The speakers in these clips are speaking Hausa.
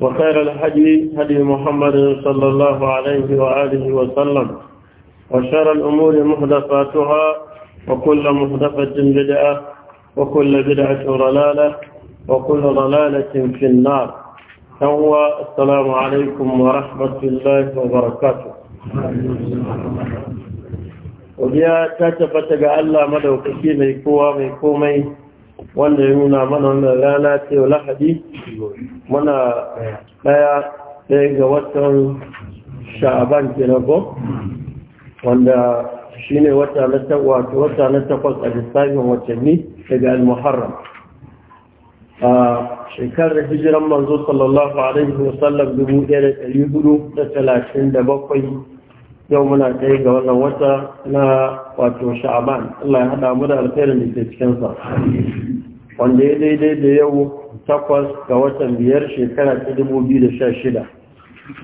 وخير الهدي هدي محمد صلى الله عليه وآله وسلم وشر الأمور محدثاتها وكل محدثة بدعة وكل بدعة ضلالة وكل ضلالة في النار هو السلام عليكم ورحمة الله وبركاته وديا تتبتغى الله مدوكسي ميكوى ميكومي wanda ya nuna mana wannan rana ce lahadi muna daya ɗaya ga watan sha'aban kinago wanda shi ne wata na takwas a lissafin watanni daga al-muharram a shekarar hijiran manzo sallallahu alaihi wasallam 1437 yau muna kai ga wannan wata na wato sha'aban Allah ya haɗa mu da alkhairin da ke cikinsa wanda ya daidai da yau takwas ga watan biyar shekara ta dubu biyu da sha shida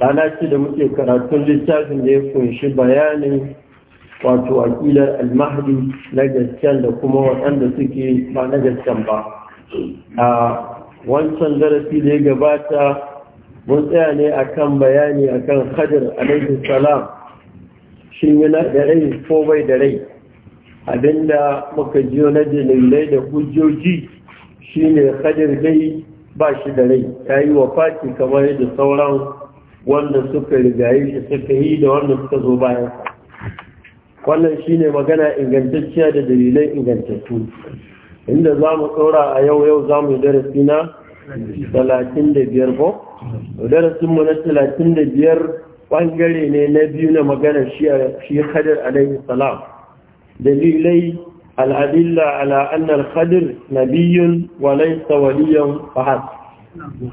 rana ce da muke karatun littafin da ya kunshi bayanin wato akilar almahdi na gasken da kuma waɗanda suke ba na gasken ba a wancan zarafi da ya gabata mun tsaya ne akan bayani akan hajar alaihi salam shin yana da rai ko bai da rai abinda muka jiyo na dalilai da hujjoji shine kadir dai ba shi da rai ya yi wa fati kamar da sauran wanda suka rigaye shi suka yi da wanda suka zo bayan wannan shine magana ingantacciya da dalilai ingantattu inda za mu tsora a yau yau za mu darasi na 35 ko darasinmu na 35 ɓangare ne na biyu na maganar shi hadir alaihi salam dalilai al'adilla ala annar hadir biyun walai sawaliyan fahad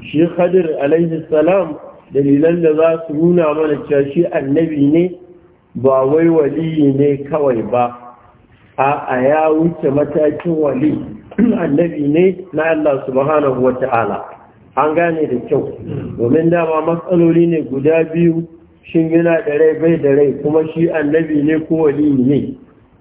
shi hadir alaihi salam dalilan da za su nuna mana cewa shi annabi ne ba wai waliyi ne kawai ba a ya wuce matakin wali annabi ne na Allah subhanahu wa ta'ala an gane da kyau domin dama matsaloli ne guda biyu shin yana da rai bai da rai kuma shi annabi ne ko wali ne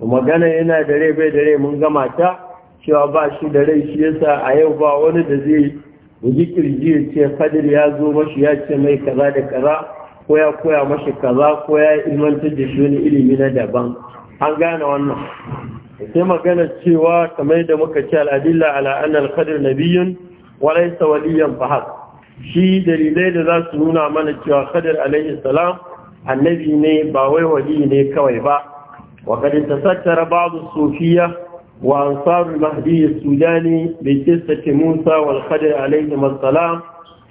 magana yana da rai bai da rai mun gama ta cewa ba shi da rai shi yasa a yau ba wani da zai bugi kirji ya ce kadir ya zo mashi ya ce mai kaza da kaza ko ya koya mashi kaza ko ya ilmantar da shi wani ilimi na daban an gane wannan sai magana cewa kamar da muka ce al'adilla ala annal qadir nabiyyun wa laysa waliyan fahad shi dalilai da za su nuna mana cewa kadar alaihi salam annabi ne ba wai wali ne kawai ba wa kad ba su sufiya wa ansar mahdi ya sudani bi qissati Musa wal Khadir alaihi salam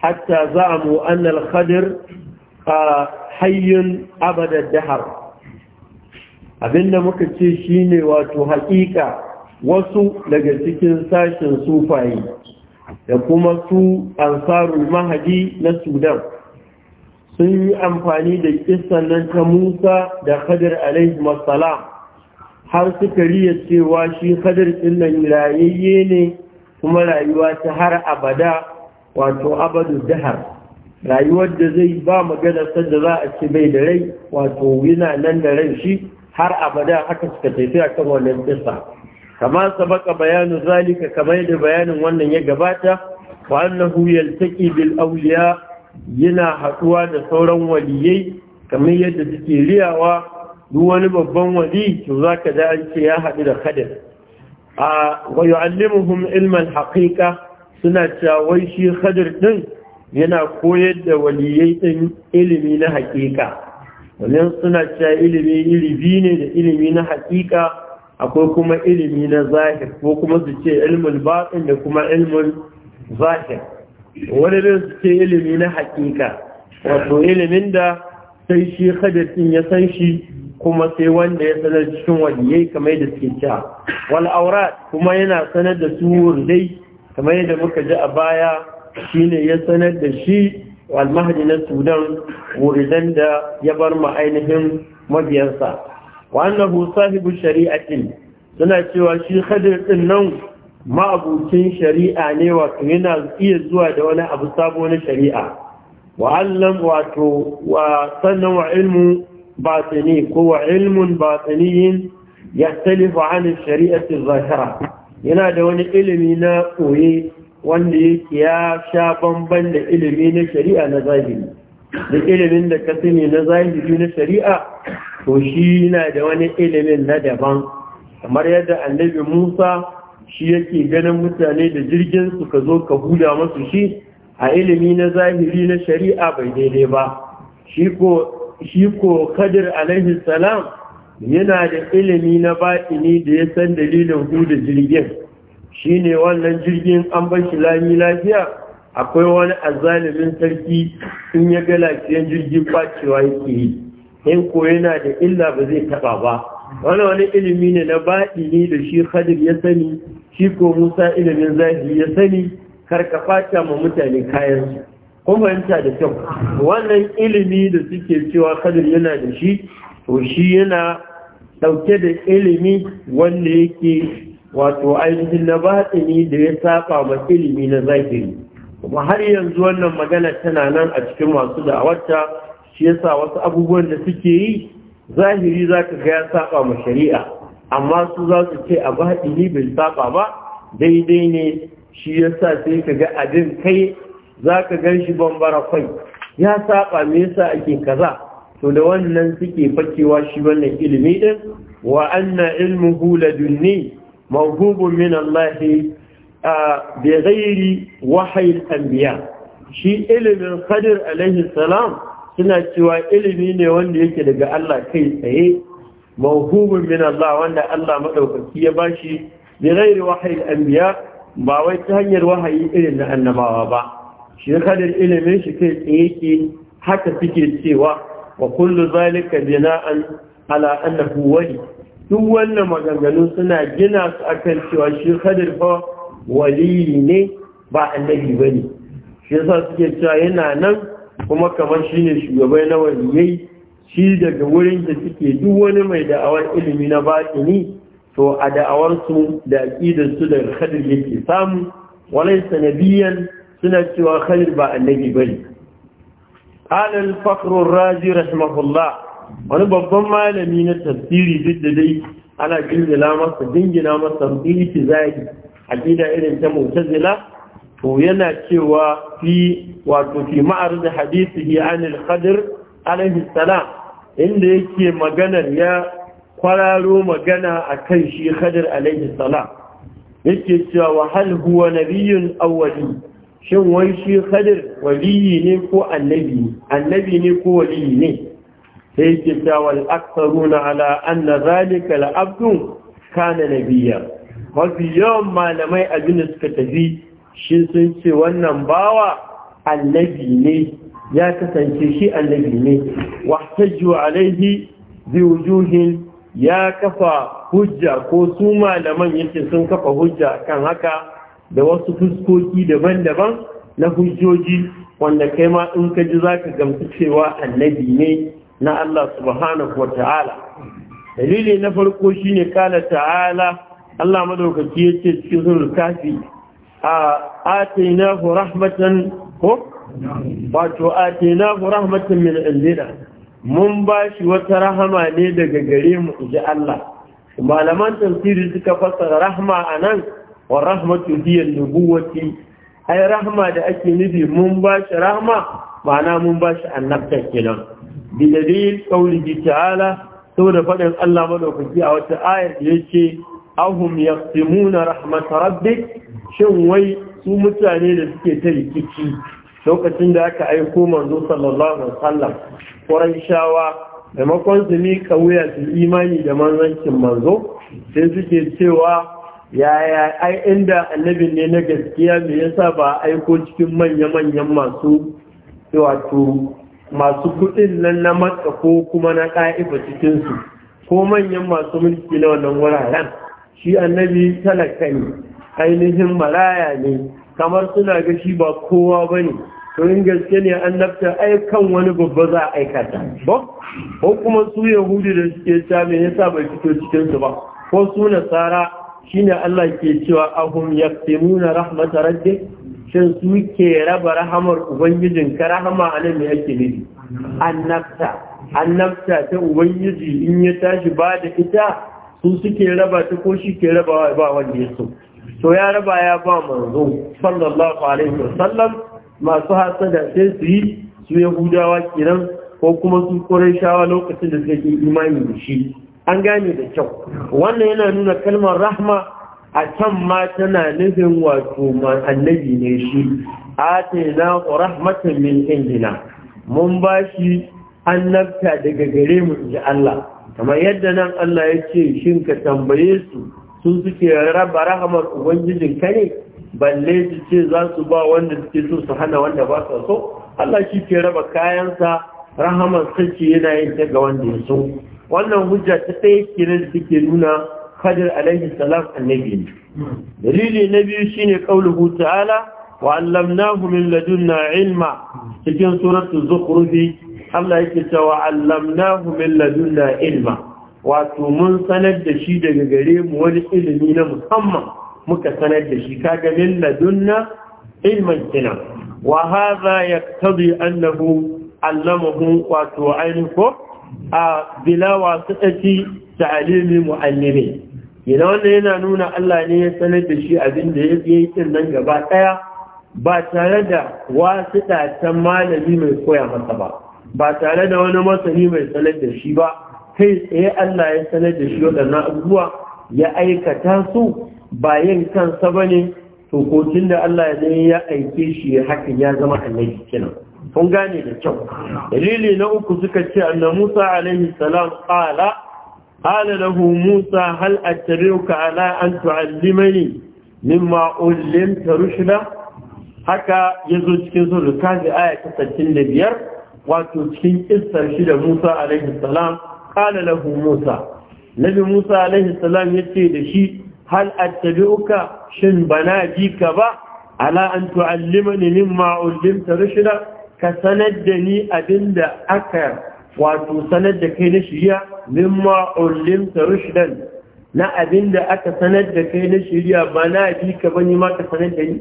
hatta za'amu mu al-Khadir hayyun abada dahar. abinda muka ce shine wato haƙiƙa wasu daga cikin sashin sufaye da kuma su ansarul mahadi na sudan sun yi amfani da kisan nan ta musa da khadir alaihi masala har suka riya cewa shi khadir din nan rayayye ne kuma rayuwa ta har abada wato abadu dahar rayuwar da zai ba magana da za a ci bai da rai wato yana nan da rai shi har abada haka suka tafi kan wannan kisa kama sabaka bayanu zalika kamar da bayanin wannan ya gabata wa annahu yaltaqi bil awliya yana haduwa da sauran waliyai kamar yadda suke riyawa duk wani babban wali to zaka da an ce ya haɗu da kadir a wa yu'allimuhum ilman haqiqa suna cewa wai shi kadir din yana koyar da waliyai din ilimi na haƙiƙa wannan suna cewa ilimi iri ne da ilimi na haƙiƙa akwai kuma ilimi na zahir ko kuma su ce ilmul batin da kuma ilimin zahir wani ne su ce ilimi na hakika wato ilimin da sai shi hadisin ya san shi kuma sai wanda ya sanar cikin waliyai kamar da suke cewa wal kuma yana sanar da su wurdai kamar yadda muka ji a baya shine ya sanar da shi wal mahdi na sudan wuridan da ya bar ma ainihin mabiyansa sahibu shari'a ɗin suna cewa shi khadir din nan ma'abucin shari'a ne wato yana iya zuwa da wani abu sabo na shari'a wa allam wato wa sannan wa ilmu batini ko wa ilmun batiniyin yahtalifu an shari'ati zahira yana da wani ilimi na koye wanda yake ya sha bamban da ilimi na shari'a na zahiri da ilimin da ka sani na zahiri na shari'a to shi na da wani ilimin na daban kamar yadda annabi musa shi yake ganin mutane da jirgin su ka zo ka huda masu shi a ilimi na zahiri na shari'a bai daidai ba shi ko kadir alaihi salam yana da ilimi na baini da ya san dalilin huda jirgin shi ne wannan jirgin an bar shi lami lafiya akwai wani azalimin sarki sun ya ga lafiyan jirgin bacewa yake yi in ko yana da illa ba zai taba ba wani wani ilimi ne na baɗi ne da shi khadir ya sani shi ko musa ilimin zahiri ya sani ka fata ma mutane kayan su kun fahimta da kyau wannan ilimi da suke cewa kadir yana da shi to shi yana ɗauke da ilimi wanda yake wato ainihin na ne da ya saba ma ilimi na zahiri kuma har yanzu wannan magana tana nan a cikin masu da'awarta shi yasa wasu abubuwan da suke yi zahiri za ka ga ya saba ma shari'a amma su za su ce a baɗini bai saba ba daidai ne shi yasa sai ka ga abin kai za ka gan shi bambara kwai ya saba me yasa ake kaza to da wannan suke fakewa shi wannan ilimi din wa anna ilmuhu ladunni mawhubun min Allah bi ghairi wahyi al-anbiya shi ilimin Khadir alaihi salam suna cewa ilimi ne wanda yake daga Allah kai tsaye mawhumin min Allah wanda Allah maɗaukaki ya bashi bi ghairi wahyi anbiya ba wai ta hanyar wahayi irin na annabawa ba shi kadar ilimin shi kai tsaye ke haka suke cewa wa kullu zalika bina'an ala annahu wali duk wannan maganganu suna gina su akan cewa shi kadar fa wali ne ba annabi bane shi yasa suke cewa yana nan kuma kamar shi ne shugabai na waliyai shi daga wurin da suke duk wani mai da'awar ilimi na batini to a da'awarsu da aƙidarsu daga khadir yake samu walaysa nabiyan suna cewa khadir ba annabi bane قال الفخر الرازي رحمه الله wani babban malami na tafsiri duk da dai ana jingina masa jingina masa tafsiri zai aqida irin ta mu'tazila to yana cewa fi wato fi ma'arid hadisihi an al-qadr alaihi salam inda yake maganar ya kwararo magana akan shi khadir alaihi salam yake cewa wa hal huwa nabiyyun aw shin wai shi khadir waliyi ne ko annabi annabi ne ko waliyi ne sai yake cewa wal aktharuna ala anna zalika al-abdu kana nabiyya mafi yawan malamai a suka tafi shi sun ce wannan bawa annabi ne ya kasance shi annabi ne wahtaju alaihi bi wujuhin ya kafa hujja ko su malaman yake sun kafa hujja kan haka da wasu fuskoki daban-daban na hujjoji wanda kai ma in ka ji za ka gamsu cewa annabi ne na Allah subhanahu wa ta'ala dalili na farko shine kala ta'ala Allah madaukaki yace cikin sunan kafi آتيناه Rahmatan ko? wato a Rahmatan rahmatin min indina mun bashi wata rahama ne daga gare mu ji Allah malaman tafsiri suka fassara rahma a nan wa rahmatu hiya nubuwati ai rahma da ake nufi mun bashi rahma ma'ana mun bashi shi annabta kenan bi dalil qawlihi ta'ala saboda faɗin Allah madaukaki a wata ayar da yace ahum yaqsimuna rahmat rabbik shin wai su mutane da suke ta rikici lokacin da aka aiko manzo sallallahu alaihi wasallam shawa da makon su mika wuya su imani da manzancin manzo sai suke cewa yaya ai inda Annabi ne na gaskiya me yasa ba aiko cikin manya-manyan masu wato masu kudin nan na matsa ko kuma na ka'ifa cikinsu ko manyan masu mulki na wannan wuraren shi annabi talaka ne ainihin maraya ne kamar suna ga shi ba kowa ba ne to in gaske ne annabta ai kan wani babba za a aikata ba ko kuma su yahudi da suke ta ya sa bai fito cikin su ba ko su nasara shine Allah ke cewa ahum yaqtimuna rahmat rabbik shin su ke raba rahamar ubangijin ka rahama anan me yake nufi annabta annabta ta ubangiji in ya tashi ba da ita su suke raba ta ko shi ke raba ba wanda ya so to ya raba ya ba manzo sallallahu alaihi wasallam masu da sai su yi su yahudawa kiran ko kuma su shawa lokacin da suka yi imani da shi an gane da kyau wannan yana nuna kalmar rahma a can ma tana nufin wato annabi ne shi atina rahmatan min indina mun ba shi annabta daga gare mu ji Allah kamar yadda nan Allah ya ce shin ka tambaye su sun suke raba rahamar ubangijin ka ne balle su ce za su ba wanda suke so su hana wanda ba su so Allah shi ke raba kayansa rahamar sace yana yin ta ga wanda ya so wannan hujja ta ɗaya kenan da take nuna kadir alaihi salam annabi ne dalili na biyu shine qauluhu ta'ala wa allamnahu min ladunna ilma cikin suratul zukhruf Allah yake cewa allamnahu min ladunna ilma wato mun sanar da shi daga gare mu wani ilimi na musamman muka sanar da shi kaga min ladunna ilman kina wa hadha yaqtadi annahu allamahu wato ainihu a bila wasitati ta'limi muallimi yana wannan yana nuna Allah ne ya sanar da shi abin da ya yi din nan gaba daya ba tare da wasita ta malami mai koya masa ba ba tare da wani masani mai sanar da shi ba kai tsaye Allah ya sanar da shi waɗannan abubuwa ya aikata su bayan kansa ba ne to da Allah ya zai ya aike shi hakan ya zama annabi kenan kun gane da kyau dalili na uku suka ce anna Musa alaihi salam qala qala lahu Musa hal attabi'uka ala an tu'allimani mimma ullimta rushda haka yazo cikin sura kafi aya ta 65 wato cikin istar shi da Musa alaihi salam kana lahu Musa Nabi Musa alaihi salam yace da shi hal attabi'uka shin bana ji ka ba ala an tu'allimani mimma ulimta rushda ka sanar da ni abinda aka wato sanar da kai na shirya mimma ulimta rushdan na abinda aka sanar da kai na shirya bana ji ka bani ma ka sanar da ni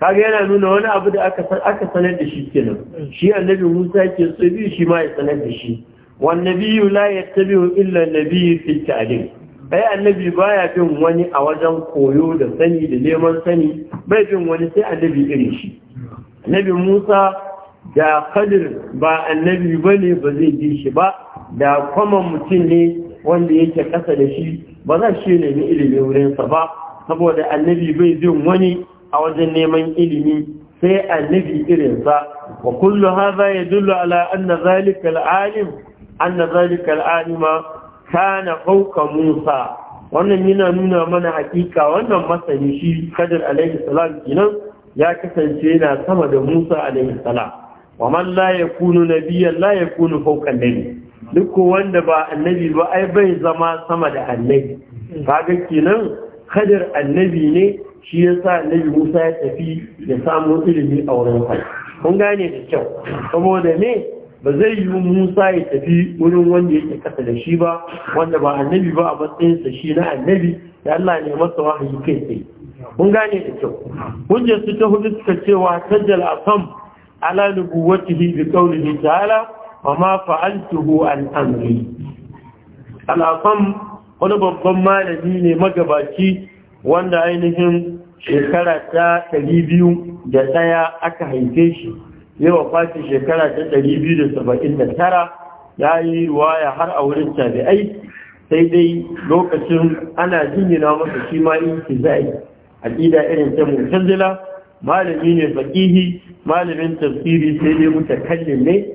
kaga yana nuna wani abu da aka sanar da shi kenan shi annabi musa ke so biyu shi ma ya sanar da shi wannabiyu la yattabi'u illa nabiyyu fi ta'lim ai annabi baya bin wani a wajen koyo da sani da neman sani bai bin wani sai annabi irin shi annabi musa da kadir ba annabi bane ba zai bi shi ba da kuma mutum ne wanda yake kasa da shi ba za shi ne ilimi wurinsa ba saboda annabi bai bin wani a wajen neman ilimi sai annabi irinsa wa kullu hadha yadullu ala anna zalika al-alim anna zalika al-alima kana fawqa Musa wannan yana nuna mana hakika wannan masani shi kadar alaihi salam kenan ya kasance yana sama da Musa alaihi salam wa man la yakunu nabiyyan la yakunu fawqa nabi duk wanda ba annabi ba ai bai zama sama da annabi kaga kenan kadar annabi ne shi ya sa annabi musa ya tafi ya samu ilimi a wurin kai. kun gane da kyau saboda me ba zai yi musa ya tafi wurin wanda yake kasa da shi ba wanda ba annabi ba a matsayinsa shi na annabi da allah ne masa wahayi kai tsaye kun gane da kyau hujjar su ta hudu suka cewa tajjal asam ala nubuwatihi bi qawlihi ta'ala wa ma fa'altuhu an amri al asam wani babban malami ne magabaci wanda ainihin shekara ta biyu da ɗaya aka haife shi yawa kwace shekara ta biyu da saba'in da tara ya yi ya har a wurin tabi'ai sai dai lokacin ana jingina masa shi ma yi a ƙida irin ta mutanzila malami ne faƙihi malamin tafsiri sai dai kallin ne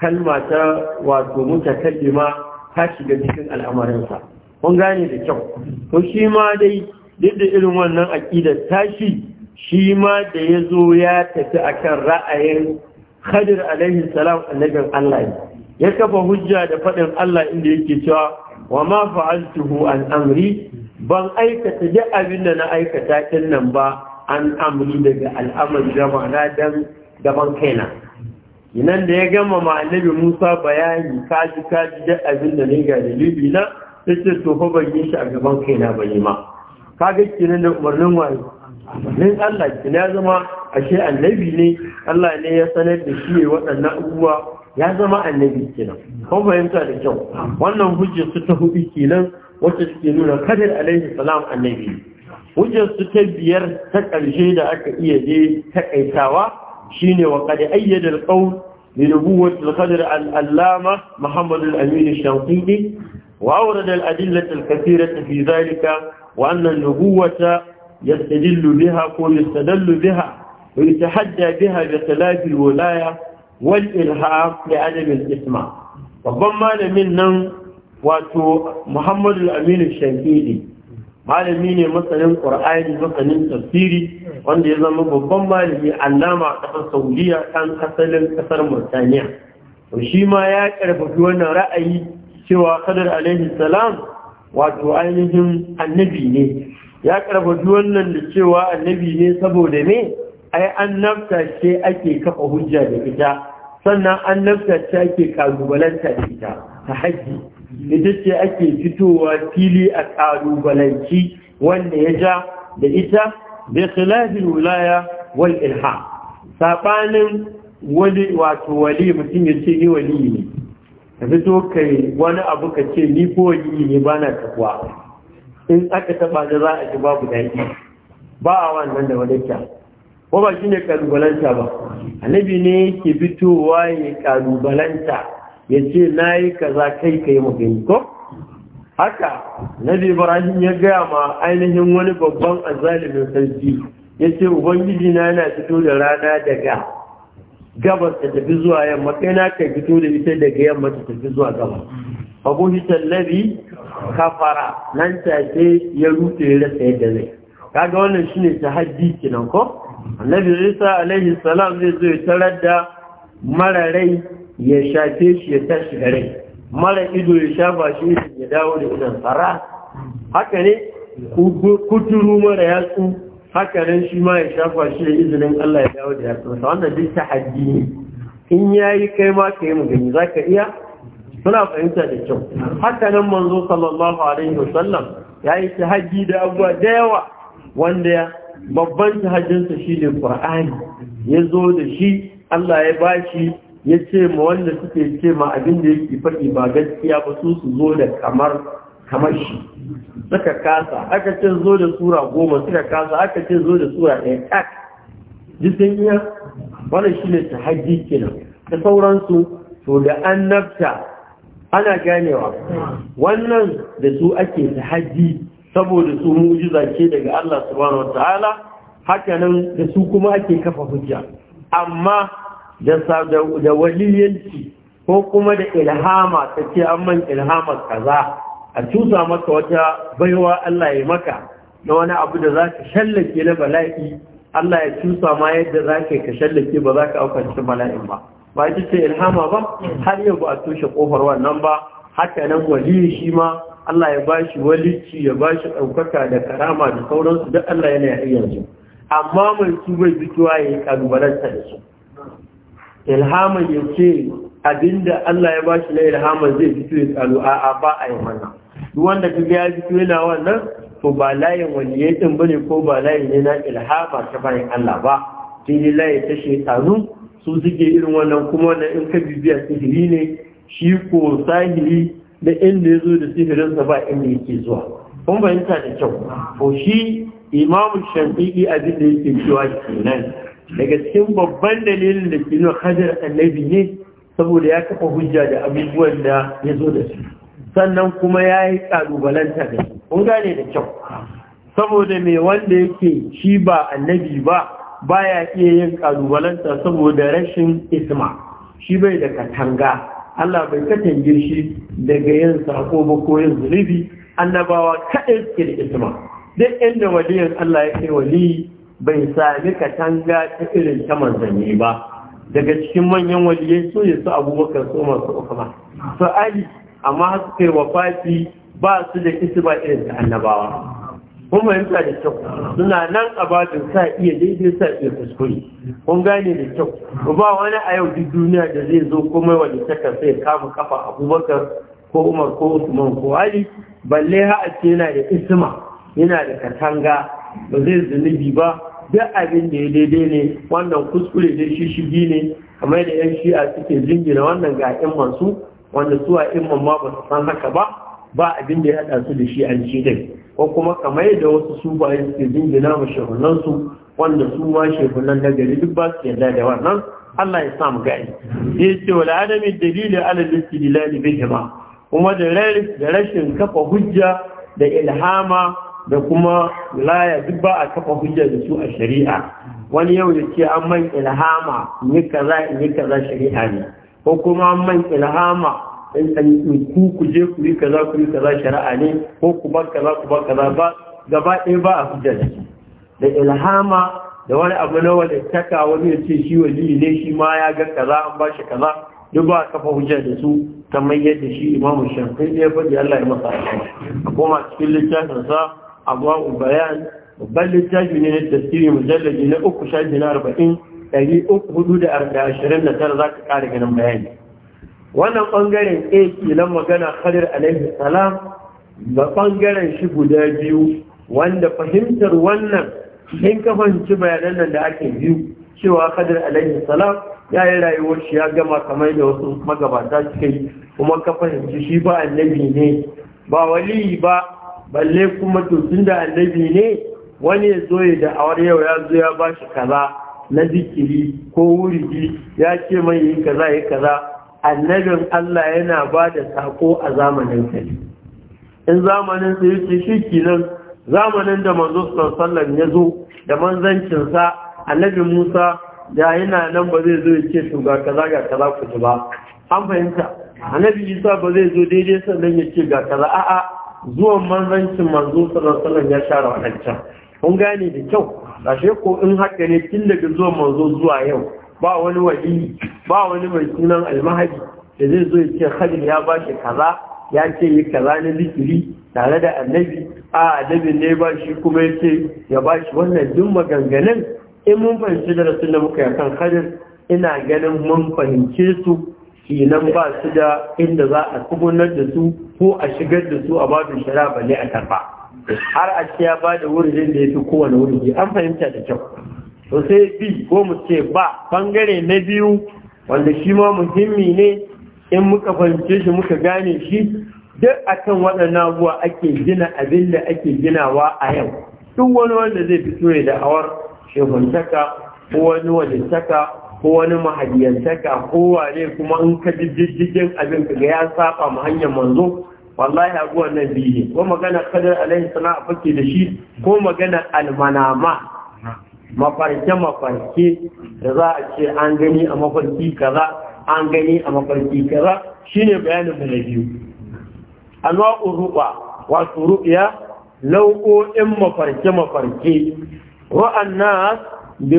kalma ta wato ma ta shiga cikin al'amarinsa kun gane da kyau Ko shi ma dai duk irin wannan aƙidar tashi shi ma da ya zo ya tafi akan ra'ayin hadir alaihi salam annabin Allah ya kafa hujja da faɗin Allah inda yake cewa wa ma fa'altuhu an amri ban aikata duk abin da na aikata kin nan ba an amri daga al'amari da ma'ana dan gaban kaina inan da ya gama ma annabi Musa bayani kaji kaji duk abin da ne ga dalili na sai to fa ban yi shi a gaban kaina ba ne ma ka ga da umarnin wayo? umarnin Allah kina ya zama ashe annabi ne Allah ne ya sanar da shi waɗannan abubuwa ya zama annabi kenan kun fahimta da kyau wannan hujjar su ta hudu kenan wacce ke nuna kadir alaihi salam annabi hujjar su ta biyar ta ƙarshe da aka iya je takaitawa shine wa qad ayyada al-qawl bi nubuwwati al-qadr al-allama Muhammad al-Amin al-Shanqidi wa awrada al-adillata al fi dhalika وأن النبوة يستدل بها ويستدل بها ويتحدى بها بخلاف الولاية والإلهاق لعدم الإسماء ربما لمن واتو محمد الأمين الشنكيدي مالمين مثلاً قرآن مثلاً تفسيري وانده يزم ببما لمن علامة تفصولية كان قسل قسر مرتانيا وشيما ياك رفكونا رأي سوى قدر عليه السلام wato ainihin annabi ne ya karfafi wannan da cewa annabi ne saboda me ai annabta ce ake kafa hujja da ita sannan annabta ce ake kalubalanta da ita ta haji ita ce ake fitowa fili a kalubalanci wanda ya ja da ita bi khilafil wilaya wal ilha sabanin wani wato wali mutum ya ce ni wali ne ka fito kai wani abu ka ce ni ko yi ne ba na tabuwa in aka taba da za a ji babu daɗi ba a wannan da wadata ko ba shi ne kalubalanta ba annabi ne yake fitowa ya kalubalanta ya ce na yi kaza kai kai magani ko haka nabi ibrahim ya gaya ma ainihin wani babban azalimin sarki ya ce ubangiji na yana fito da rana daga gabas ta tafi zuwa yamma kai na ka fito da ita daga yamma ta tafi zuwa gabas Abu fabuhitan labi kafara nan take ya rufe ya rasa yadda zai kaga wannan shine haddi kenan ko annabi isa alaihi salam zai zo ya tarar da mara rai ya shafe shi ya tashi da rai mara ido ya shafa shi ya dawo da idan fara haka ne kuturu mara yatsu haka nan shi ma ya shafa shi da izinin Allah ya dawo da yatsarsa wannan duk haddi ne in ya yi kai ma ka yi magani za ka iya suna fahimta da kyau haka nan manzo sallallahu alaihi wasallam ya yi ta haddi da abuwa da yawa wanda babban haddinsa shi ne qur'ani ya zo da shi Allah ya bashi ya ce ma wanda suke ce ma abin da yake faɗi ba gaskiya ba su su zo da kamar kamar shi suka kasa aka ce zo da sura goma suka kasa aka ce zo da sura ɗaya ɗak. jisun iya wani shi ne ta hajji kenan da sauransu to da annabta ana ganewa wannan da su ake ta hajji saboda su mujiza ce daga Allah subhanahu haka hakanan da su kuma ake kafa hujja amma da waliyanci ko kuma da ilhama ta ce an man ilhamar kaza a cusa maka wata baiwa Allah ya maka na wani abu da za ka shallake na bala'i Allah ya cusa ma yadda za ka ka shallake ba za ka aukanci bala'in ba ba ji ce ilhama ba har yau ba a toshe kofar wannan ba haka nan wali shi ma Allah ya ba shi walici ya ba shi ɗaukaka da karama da sauransu duk Allah yana yi yanzu amma mai su bai fitowa ya yi kalubalanta da su ilhaman ya ce abinda Allah ya ba shi na ilhaman zai fito ya kalu a'a ba a yi mana duk wanda ka biya ya yana wannan to ba layin waliyai din bane ko ba layin ne na ilhama ta bayan Allah ba sai yi layi ta shekaru su suke irin wannan kuma wannan in ka bibiya sihiri ne shi ko sahiri da inda ya zo da sihirinsa ba inda yake zuwa kun fahimta da kyau ko shi imamu a abin da yake cewa kenan daga cikin babban dalilin da ke nuna hajar annabi ne saboda ya kafa hujja da abubuwan da ya zo da su sannan kuma ya yi ƙalubalanta da su kun gane da kyau saboda mai wanda yake shi ba annabi ba baya iya yin ƙalubalanta saboda rashin isma shi bai da katanga Allah bai katange shi daga yin sako ba ko yin zunubi annabawa kaɗai suke da isma duk inda waliyan Allah ya kai wali bai sami katanga ta irin ta manzanni ba daga cikin manyan waliyai so ya su abubakar so masu ukama su amma haka suka wafati ba su da isma irin da annabawa kun fahimta da kyau suna nan a babin sa iya daidai sa iya kuskure kun gane da kyau ba wani a yau duk duniya da zai zo komai wani saka sai kama kafa abubakar ko umar ko usman ko ali balle ha a ce yana da isma yana da katanga ba zai zunubi ba duk abin da ya daidai ne wannan kuskure da shi shigi ne kamar da yan shi'a suke jingina wannan ga yan masu wanda suwa imman ma ba su san haka ba ba abin da ya haɗa su da shi an ci dai ko kuma kamar da wasu su ba suke jingina ma shehunan su wanda su ma shehunan na gari duk ba su yarda da wannan Allah ya samu mu gani ya ce wal adami dalilin ala istidlal bihima kuma da da rashin kafa hujja da ilhama da kuma laya duk ba a kafa hujja da su a shari'a wani yau ya ce an man ilhama yi kaza yi kaza shari'a ne ko kuma man ilhama in ku ku je ku yi kaza ku yi kaza shari'a ne ko ku bar kaza ku bar kaza ba gaba ɗaya ba a hujja da da ilhama da wani abu na wanda taka wani ya ce shi wali ne shi ma ya ga kaza an ba shi kaza duk ba kafa hujja da su kamar yadda shi imamu shafi ya faɗi Allah ya masa alheri a koma cikin littafin sa abuwa bayan babban littafi ne na tasiri mujallaji na uku shafi na arba'in ɗari da tara za ka ƙara ganin bayani wannan ɓangaren ke na magana khalil alaihi salam ga ɓangaren shi guda biyu wanda fahimtar wannan in kafanci bayanan nan da ake biyu cewa khalil alaihi salam ya yi rayuwar shi ya gama kamar da wasu magabata suka kuma ka fahimci shi ba annabi ne ba wali ba balle kuma to tunda annabi ne wani ya zo ya da'awar yau ya zo ya ba shi kaza na zikiri ko wurigi ya ce mai yin kaza ya kaza annabin Allah yana ba da sako a zamanin kai in zamanin yi ce shi nan, zamanin da manzo sallallahu ya zo da manzancinsa annabi Musa da yana nan ba zai zo ya ce to ga kaza ga kaza ku ji ba an fahimta annabi Isa ba zai zo daidai sannan ya ce ga kaza a'a zuwan manzancin manzo sallallahu ya share wadancan kun gane da kyau ashe ko in haka ne tun daga zuwa manzo zuwa yau ba wani wali ba wani mai sunan almahadi da zai zo ya ce khalil ya ba shi kaza ya ce yi kaza na zikiri tare da annabi a annabi ne ba shi kuma ya ce ya ba shi wannan duk maganganun in mun fahimci darasin da muka yi kan khalil ina ganin mun fahimce su kinan ba su da inda za a kubunar da su ko a shigar da su a babin shara ne a karba har a ya ba da wurin da ya fi kowane wurin an fahimta da kyau to sai bi ko mu ce ba bangare na biyu wanda shi ma muhimmi ne in muka fahimce shi muka gane shi duk akan waɗannan abuwa ake gina abin da ake ginawa a yau duk wani wanda zai fito ya awar shehuntaka ko wani walitaka ko wani mahadiyantaka ko wane kuma in ka jijjigin abin ka ga ya saba ma hanyar manzo wallahi abu wannan biyu ne ko magana kadar alaihi sana a fake da shi ko magana almanama mafarke mafarke da za a ce an gani a mafarki kaza an gani a mafarki kaza shine bayanin mu biyu anwa'u ruba wato ru'ya nau'o'in mafarke mafarke ru'an nas bi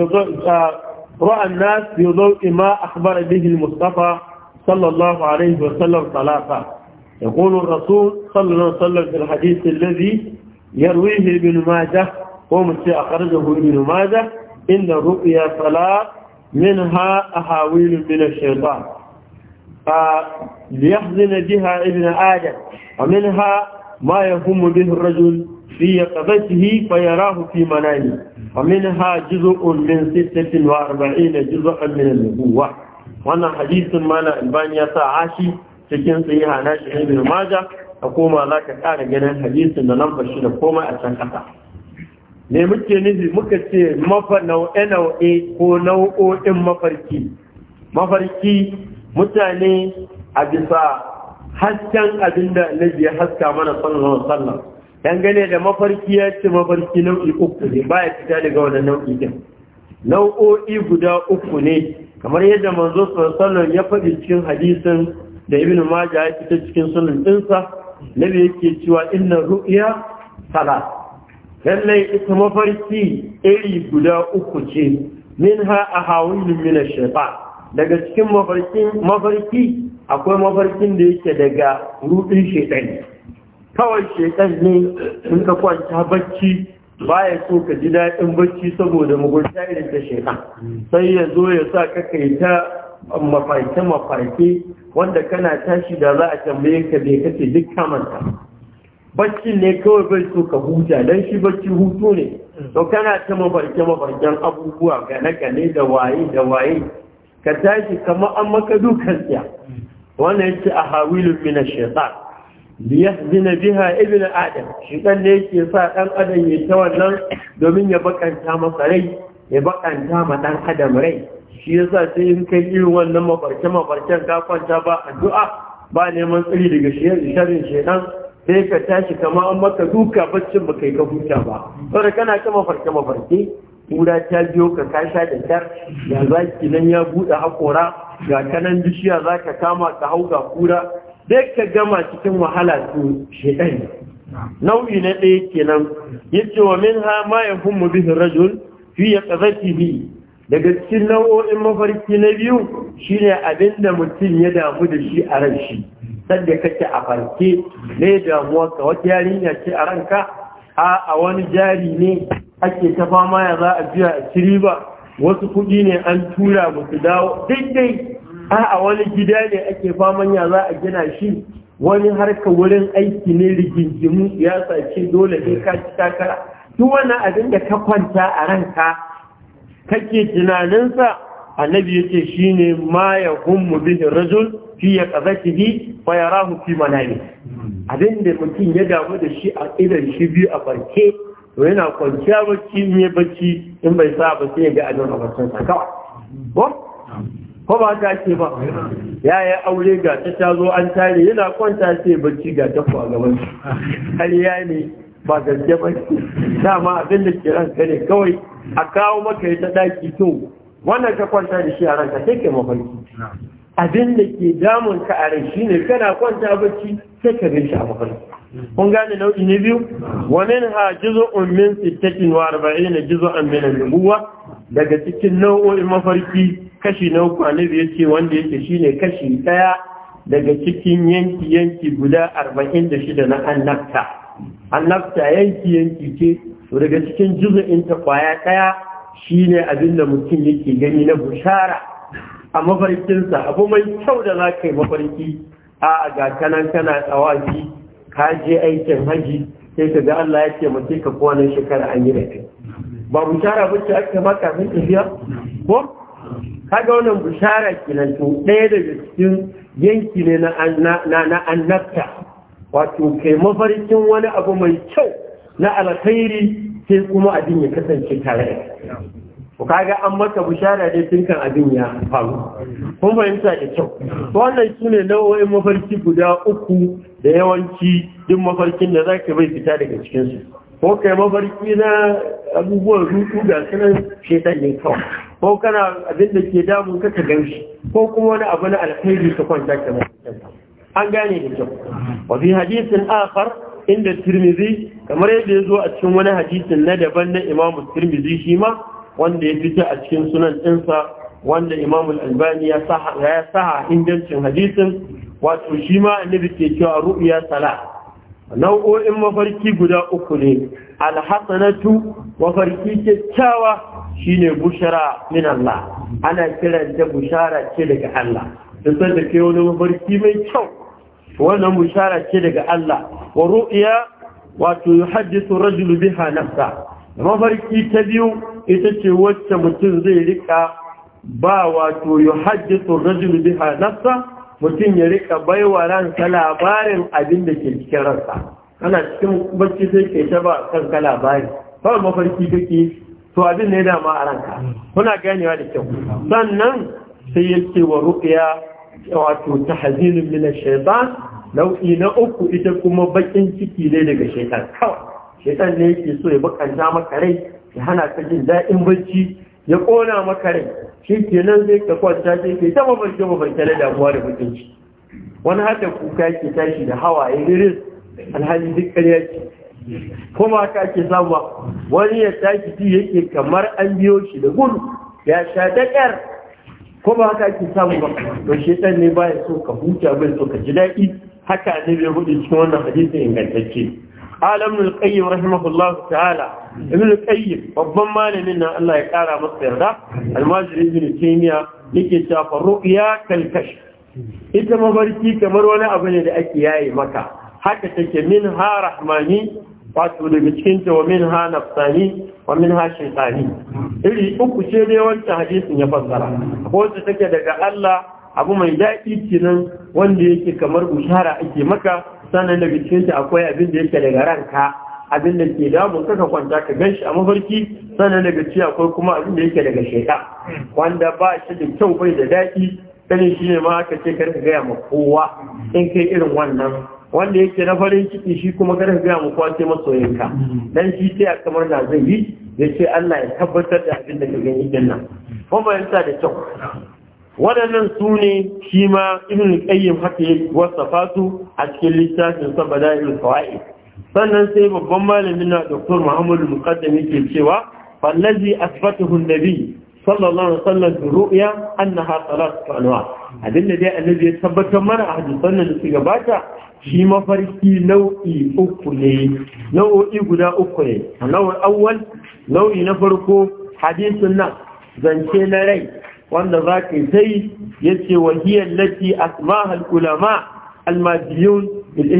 ru'an nas bi ma akhbara bihi al-mustafa sallallahu alaihi wa sallam talata يقول الرسول صلى الله عليه وسلم في الحديث الذي يرويه ابن ماجه ومسي أخرجه ابن ماجه إن الرؤيا صلاة منها أهاويل من الشيطان ليحزن بها ابن آدم ومنها ما يهم به الرجل في يقظته فيراه في منامه ومنها جزء من ستة وأربعين جزءا من النبوة وانا حديث مانا البانية عاشي cikin yi hana shi ibn maja a koma za ka ƙara ganin hadisin da lambar shi da koma a can ƙasa me muke nufi muka ce mafa nau'e nau'e ko nau'o'in mafarki mafarki mutane a bisa hasken abin da annabi ya haska mana sallallahu alaihi dangane da mafarki ya ce mafarki nau'i uku ne baya fita daga wannan nau'i din nau'o'i guda uku ne kamar yadda manzo sallallahu alaihi ya faɗi cikin hadisin da ibn majah ya fita cikin sunan dinsa nabi yake cewa inna ru'ya sala lalle ita mafarki iri guda uku ce minha ahawil min ash-shaytan daga cikin mafarki mafarki akwai mafarkin da yake daga rudin shaytan kawai shaytan ne in ka kwanta bacci baya so ka ji daɗin bacci saboda mugunta irin ta shaytan sai ya zo ya sa ka kai ta mafarke mafarki. wanda kana tashi da za a tambaye ka bai kace duk kamanta bacci ne kawai bai so ka huta dan shi bacci hutu ne to kana ta mabarke-mabarken abubuwa gane gane da waye da waye ka tashi kamar an maka dukan tsiya wannan yake a hawilu min ash-shaytan liyahzina biha ibn adam shi dan ne yake sa dan adam ya ta wannan domin ya bakanta masa ya bakanta ma dan adam rai shi ya sa sai in kai irin wannan mafarke mafarken ka kwanta ba addu'a ba neman tsiri daga shirin shedan sai ka tashi kama an maka duka baccin ba kai ka huta ba saboda kana ta mafarke mafarke kura ta biyo ka kasha da kyar ya zaki nan ya buɗe haƙora ga kanan bishiya za ka kama ka hau ga kura dai ka gama cikin wahala su shaidan nau'i na ɗaya kenan ya wa min ha ma ya hummu rajul fi ya bi daga cikin nau'o'in mafarki na biyu shi shine abinda mutum ya damu da shi a ran shi sanda kake a farke ne damuwa ka wata yarinya ce a ranka a a wani jari ne ake ta fama ya za a biya a ciri ba wasu kuɗi ne an tura musu dawo daidai a a wani gida ne ake fama ya za a gina shi wani harka wurin aiki ne rigingimu ya sace dole ne ka ci takara duk wannan abin da ka kwanta a ranka kake tunaninsa annabi yace shine ma ya hummu bihi rajul fi yaqazatihi fa yarahu fi manami da mutum ya damu da shi a idan shi biyu a farke to yana kwanciya bacci in ya bacci in bai sa ba sai ya ga ajin a sa kawai ko ba ta ce ba ya yi aure ga ta zo an tare yana kwanta sai bacci ga ta a gaban shi har ya ba gaske ba dama abin da ke ranka ne kawai a kawo maka ya ta daki to wannan ka kwanta da shi a ranka sai ke mafarki abin da ke damun ka a rai shine kana kwanta bacci sai ka bin shi a mafarki kun gane nau'i na biyu wa min ha juz'un min sittatin wa jizo juz'an min al-nubuwa daga cikin nau'o'in mafarki kashi na uku annabi yace wanda yake shine kashi daya daga cikin yanki yanki guda 46 na annabta annabta yanki yanki ce to daga cikin juzu'in ta kwaya ɗaya shine abin da mutum yake gani na bushara a mafarkinsa abu mai kyau da za ka yi mafarki a ga kanan kana tsawafi ka je aikin haji sai ka ga Allah ya ce mace ka kowane shekara an yi da kai ba bushara ba ce ake maka kafin tafiya ko ga wannan bushara kinan to ɗaya daga cikin yanki ne na annabta wato kai mafarkin wani abu mai kyau na alkhairi sai kuma abin ya kasance tare da ku kaga an maka bishara dai tun kan abin ya faru kun fahimta da kyau to wannan shine nau'o'in mafarki guda uku da yawanci duk mafarkin da zaka bai fita daga cikin su ko kai mafarki na abubuwan rutu ga sunan shetan ne kawai ko kana abin da ke damun ka ka gamshi ko kuma wani abu na alkhairi ka kwanta ka mai an gane da kyau wa fi hadisin akhar inda tirmizi kamar yadda ya zo a cikin wani hadisin na daban na imamu tirmizi shi ma wanda ya fita a cikin sunan ɗinsa wanda imamu albani ya saha ingancin hadisin wato shi ma annabi ke cewa ru'ya sala nau'o'in mafarki guda uku ne alhasanatu mafarki kyakkyawa shine bushara min Allah ana kiranta bushara ce daga Allah da sanda ke wani mafarki mai kyau wannan bishara ce daga Allah wa ru'ya wato yuhaddithu rajulu biha nafsa mafarki ta biyu ita ce wacce mutum zai rika ba wato yuhaddithu rajulu biha nafsa mutum ya rika baiwa ransa labarin abin da ke cikin ransa kana cikin barci sai ke ta ba kanka labari kawai mafarki take to abin ne dama a ranka kuna ganewa da kyau sannan sai ya ce wa ru'ya wato ta min ash-shaytan nau'i na uku ita kuma bakin ciki ne daga shaytan kawai shaytan ne yake so ya bakanta maka rai ya hana ka jin daɗin bacci ya ƙona maka rai shi kenan zai ka kwanta sai kai ta mafarki mafarki na damuwa da bakin ciki wani haka kuka ke tashi da hawa hawaye iris alhali duk ƙarya ce kuma haka ake samu wani ya tashi ji yake kamar an biyo shi da gudu ya sha daƙar ko ba haka ake samu ba to shaitan ne baya so ka huta bai so ka ji daɗi haka ne bai hudu cikin wannan hadisin ingantacce alam ibn qayyim rahimahullahu ta'ala ibn qayyim babban malamin nan Allah ya kara masa yarda almajiri ibn taymiya yake cewa ru'ya kal kashf ita mabarki kamar wani abu ne da ake yayi maka haka take min ha rahmani wato daga cikin ta wa min ha nafsani wa min ha shaitani iri uku ce ne wancan hadisin ya fassara ko ta take daga Allah abu mai daɗi kenan wanda yake kamar bushara ake maka sannan daga cikin ta akwai abin da yake daga ranka abin da ke damun kaka kwanta ka ganshi a mafarki sannan daga ci akwai kuma abin da yake daga sheka? wanda ba shi da kyau bai da daɗi sanin shi ne ma aka ce karka gaya ma kowa in kai irin wannan wanda yake na farin ciki shi kuma kada ka gaya mu kwace masoyinka dan shi sai kamar na zai yi ya ce Allah ya tabbatar da abin da ka gani idan nan kun da kyau waɗannan su ne shi ma ibn qayyim haka ya wasafa a cikin littafin sa bada'il fawaid sannan sai babban malamin na dr muhammad muqaddam yake cewa fallazi asbatahu nabi sallallahu alaihi wasallam bi ru'ya annaha salatu anwa abinda dai annabi ya tabbatar mana a hadisan da suka gabata shi mafarki nau'i uku ne nau'o'i guda uku ne nau'in awwal nau'i na farko hadisin nan zance na rai wanda za ka sai ya ce wahiyar lati asmahal ulama almajiyun bil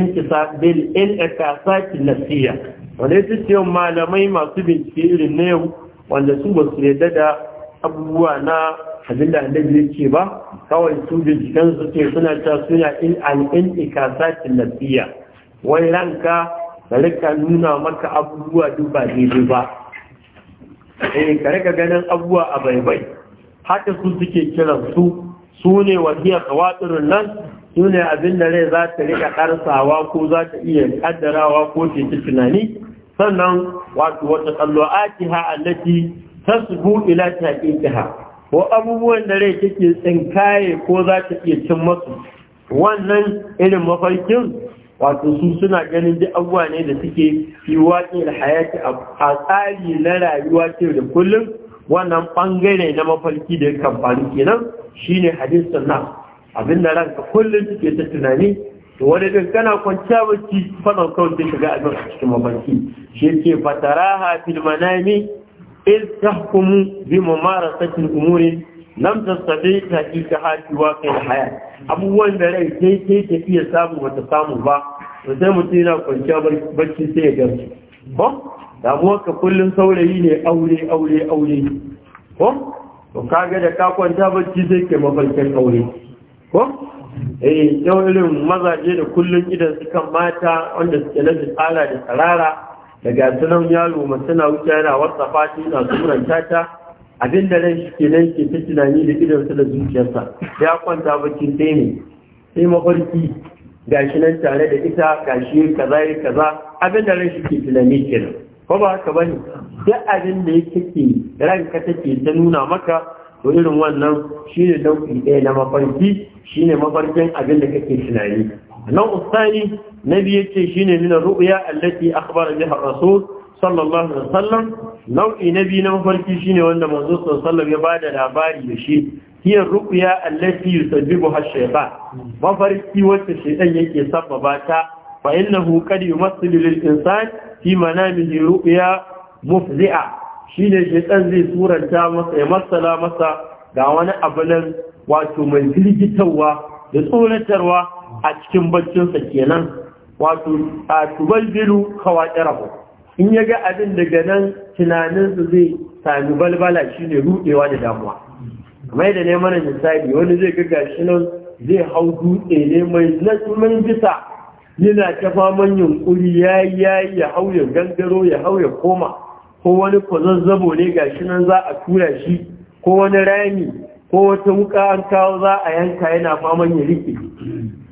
inqisasati nasiya wanda ita ce malamai masu bincike irin na yau wanda su basu su yarda da abubuwa na abinda da annabi yake ba kawai su jikin suke suna ta suna in ikasa ikasatin nabiya wai ranka da rika nuna maka abubuwa duk ba daidai ba eh ka rika ganin abubuwa a baibai haka su suke kiran su su ne wahiyar kawatirin nan su ne abin da rai za ta rika karsawa ko za ta iya kaddarawa ko ce ta tunani sannan wato wata kallo atiha allati tasbu ila taqiqiha ko abubuwan da rai take tsinkaye ko za ta iya cin masu wannan irin mafarkin wato su suna ganin duk abubuwa ne da suke yi waƙe da hayati a tsari na rayuwa ce da kullum wannan ɓangare na mafarki da ya faru kenan shine hadisin nan abin da ranka kullum suke ta tunani to wani ɗin kana kwanciya bacci faɗan kawai ta shiga abin a cikin mafarki shi ce fataraha fil manami iz tahkumu bi mumarasatil umuri lam tastabi ta hati wa kai haya abubuwan da rai sai sai ta iya samu bata samu ba to sai mutum yana kwanciya barci sai ya gamsu ko damuwar ka kullum saurayi ne aure aure aure ko to kaga da ka kwanta barci sai ke mafarkin aure ko yau irin mazaje da kullum idan kan mata wanda suke na tsara da tsarara daga sunan yaro ma suna wuce yana wasa fati na tsoron tata abin da ran shi ke nan ke ta tunani da idansa da zuciyarsa ya kwanta bakin sai ne sai mafarki gashi nan tare da ita gashi kaza kaza abin da ran shi ke tunani nan ko ba haka bane duk abin da yake ke ranka take ta nuna maka to irin wannan shine dauki ɗaya na mafarki shine mafarkin abin da kake tunani nan ustani nabi yace shine min ru'ya allati akhbara biha rasul sallallahu alaihi wasallam nau'i nabi na mafarki shine wanda manzo sallallahu alaihi ya bada labari da shi hiya ru'ya allati yusabbibuha ash-shaytan mafarki wacce shaytan yake sabbaba ta fa innahu qad yumassilu lil insan fi manamihi ru'ya mufzi'a shine shaytan zai suranta masa ya masala masa ga wani abu nan wato mai girgitawa da tsoratarwa a cikin baccinsa kenan wato a tubaddilu khawatirahu in ya ga abin daga nan tunaninsu zai sami balbala shine rudewa da damuwa kamar da ne mana misali wani zai ga shi nan zai hau dutse ne mai natsumin bisa yana ta faman yunkuri ya yi ya hau ya gangaro ya hau ya koma ko wani kwazazzabo ne gashi nan za a tura shi ko wani rami ko wata wuka an kawo za a yanka yana faman ya rike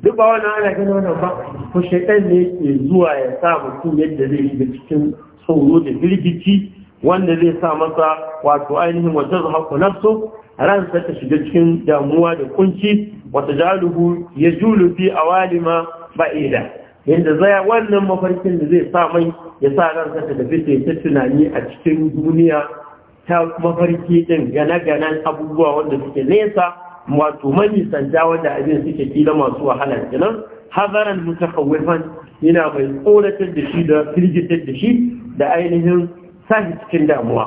duk ba wannan ana gani wannan ba ko shekai ne ke zuwa ya sa mutum yadda zai shiga cikin tsoro da girgici wanda zai sa masa wato ainihin wata zahaku nafsu ransa ta shiga cikin damuwa da kunci wata jaluhu ya julu fi walima ba'ida yadda zaya wannan mafarkin da zai sa mai ya sa ransa ta tafi ta tunani a cikin duniya ta mafarki din gane-ganen abubuwa wanda suke nesa wato manisanta wanda abin suke kila masu wahala kenan hazaran mutakawwifan yana mai tsoratar da shi da firgitar da shi da ainihin sahi cikin damuwa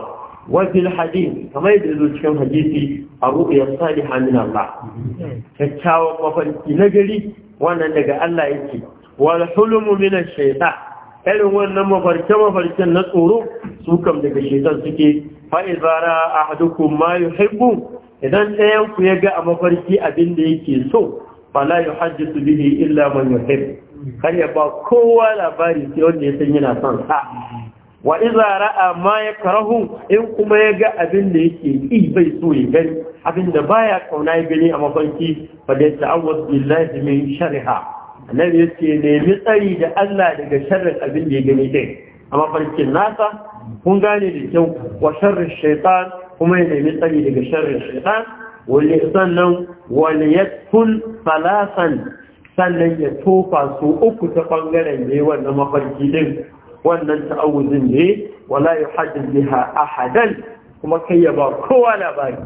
wafi alhadin kamar yadda zo cikin hadisi a ru'yar saliha min Allah kyakkyawan mafarki na gari wannan daga Allah yake wal hulumu min ash-shaytan irin wannan mafarki mafarken na tsoro su kam daga shaitan suke fa izara ahadukum ma yuhibbu idan ɗayan ku ya ga a mafarki abin da yake so fala yuhaddisu bihi illa man yuhib kar ya ba kowa labari sai wanda ya san yana son sa wa iza ra'a ma yakrahu in kuma ya ga abin da yake ki bai so ya gani abin da baya kauna ya gani a mafarki fa da ta'awwaz billahi min shariha. annabi yace nemi tsari da Allah daga sharrin abin da ya gani dai a mafarkin nasa kun gane da kyau wa sharrin shaitan kuma ya nemi tsari daga sharrin shaitan sannan wani ya kun salasan sannan ya tofa su uku ta ɓangaren ne wannan mafarki din wannan ta'awuzin ne wala ya hajji a ahadan kuma kai ya ba kowa labari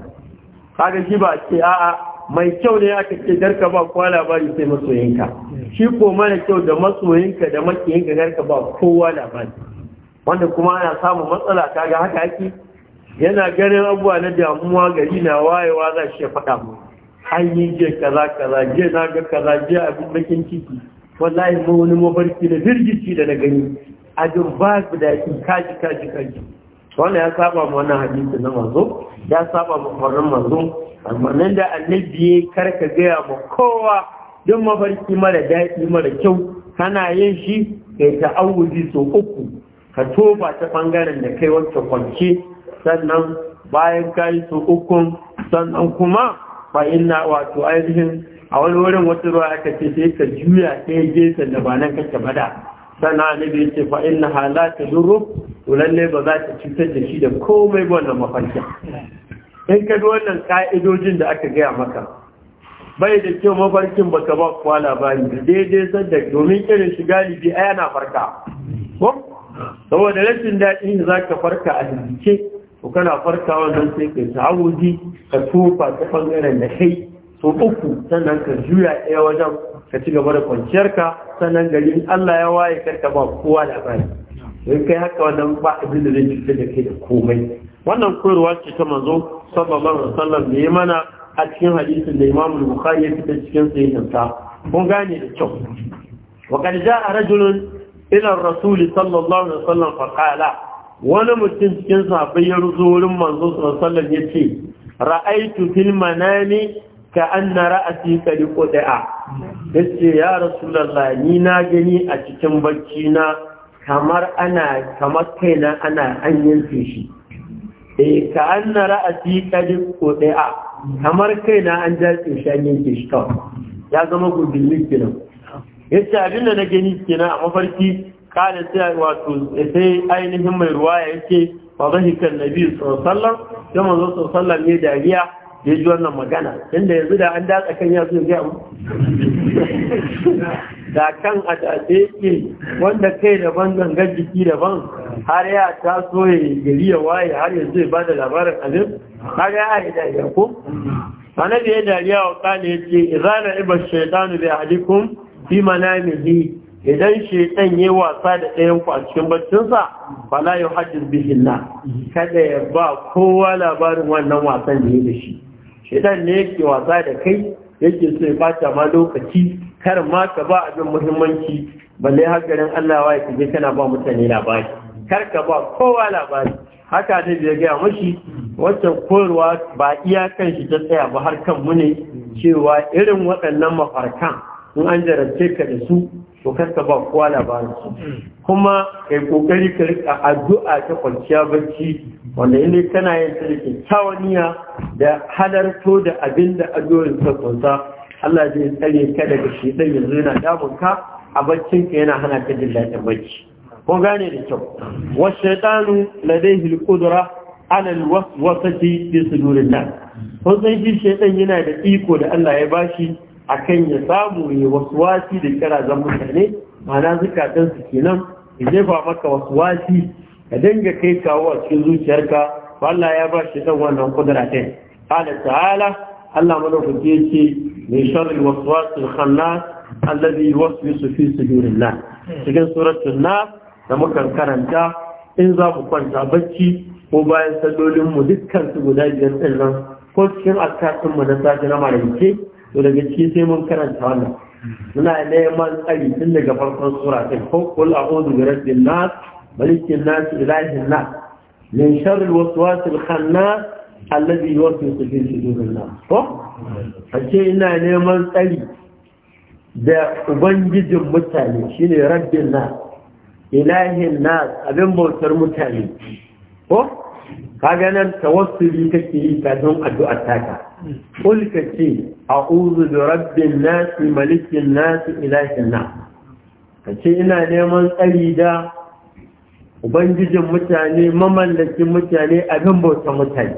kaga shi ba ce a'a mai kyau ne aka ce darka ba kowa labari sai masoyinka shi ko mana kyau da masoyinka da makiyinka garka ba kowa labari wanda kuma ana samun matsala kaga haka ake yana ganin abuwa na damuwa gari na wayewa za shi ya faɗa mu an yi je kaza kaza je na ga kaza je abin bakin ciki wallahi mu wani mafarki da birgici da na gani abin ba su da yakin kaji kaji kaji wanda ya saba mu wannan hadisi na manzo ya saba mu farin manzo amma nan da annabi ya karka gaya ma kowa duk mafarki mara daɗi mara kyau kana yin shi kai ta auwuzi so uku ka toba ta bangaren da kai wacce kwance sannan bayan kayi su ukun sannan kuma fa inna wato ainihin a wani wurin wata ruwa aka ce sai ka juya ɗaya gefen da ba nan kake bada sannan a nabi ce fa inna halata ta zuru ulalle ba za ta cutar da shi da komai ba wannan mafarkin in ka bi wannan ka'idojin da aka gaya maka bai da kyau mafarkin ba ka ba kuwa labari daidai sanda domin irin shiga libi a yana farka ko saboda rashin daɗi za ka farka a jirgice to kana farkawa nan sai ka ta'awudi ka tofa ta bangaren da kai to uku sannan ka juya ɗaya wajen ka ci gaba da kwanciyarka sannan gari Allah ya waye karka ba kowa da bai don kai haka wannan ba abin da zai cutar da kai da komai wannan koyarwa ce ta manzo sallallahu alaihi wasallam ne mana a cikin hadisin da Imam Bukhari ya fita cikin sahihin sa kun gane da kyau wa qad jaa rajulun ila ar-rasul sallallahu alaihi wasallam fa qala wani mutum cikin sahabbai ya rusu wurin manzo sallallahu alaihi ya ce ra'aitu fil manami ka anna ra'ati qad qudaa yace ya rasulullah ni na gani a cikin bacci na kamar ana kamar kaina ana an yanke shi eh ka anna ra'ati qad qudaa kamar kaina an jace shi an yanke shi kawai ya zama gudunmi kenan yace abin da na gani kenan a mafarki kada sai wato sai ainihin mai ruwa ya ce, yake fa zahikan nabi sallallahu alaihi wasallam sai manzo sallallahu alaihi wasallam ne dariya da ji wannan magana inda yanzu da an datsa kan ya zo ga mu da kan a datse yake wanda kai daban gangar jiki daban har ya taso ya gari ya waye har yanzu ya bada labarin abin har ya ayi dariya ko annabi ya dariya wa kana yace idza na ibash shaytanu bi ahadikum fi manamihi idan dan ya wasa da ɗayan ku a cikin baccinsa fala ya hajjin bihinna kada ya ba kowa labarin wannan wasan da ya da shi dan ne yake wasa da kai yake so ya bata ma lokaci kar ma ka ba abin muhimmanci balle garin Allah wa ya kana ba mutane labari kar ka ba kowa labari haka ne ya gaya mashi waccan koyarwa ba iya kan shi ta tsaya ba har kan mu ne cewa irin waɗannan mafarkan in an jarabce ka da su to kasta ba kowa labarin su kuma kai kokari ka rika addu'a ta kwanciya barci wanda inda kana yin ta da kyakkyawan da halarto da abin da addu'o'in ta kunsa Allah zai tsare ka daga shi yanzu yana damun ka a barcin ka yana hana ka jin daɗin barci ko gane da kyau wa shaytanu ladayhi al-qudra ala wasu bi sudurin nas ko san shi shaytan yana da iko da Allah ya bashi akan ya samu ya wasu wasi da kira zan mutane mana zukatan su kenan ya jefa maka wasu wasi ka dinga kai kawo a cikin zuciyarka Allah ya ba shi dan wannan kudura ɗin qala ta'ala Allah ku madaukaki yace ne sharri waswasil khannas alladhi yuwaswisu fi sudurillah cikin suratul nas da muka karanta in za ku kwanta bacci ko bayan sallolin mu dukkan su guda biyar din nan ko cikin akatun mu na safi na malamce to daga ciki sai mun karanta wannan muna neman tsari tun daga farkon sura ta ko kul a'udhu bi rabbin nas malikin nas ilahin nas min sharri waswas al khannas alladhi yuwaswisu fi sudurin nas ko ce ina neman tsari da ubangijin mutane shine rabbin nas ilahin nas abin bautar mutane ko kaga nan tawassuli kake yi kafin addu'ar taka kulka ce a uzu da rabbin nasi malikin nasi ilahin na ka ce ina neman tsari da ubangijin mutane mamallakin mutane abin bauta mutane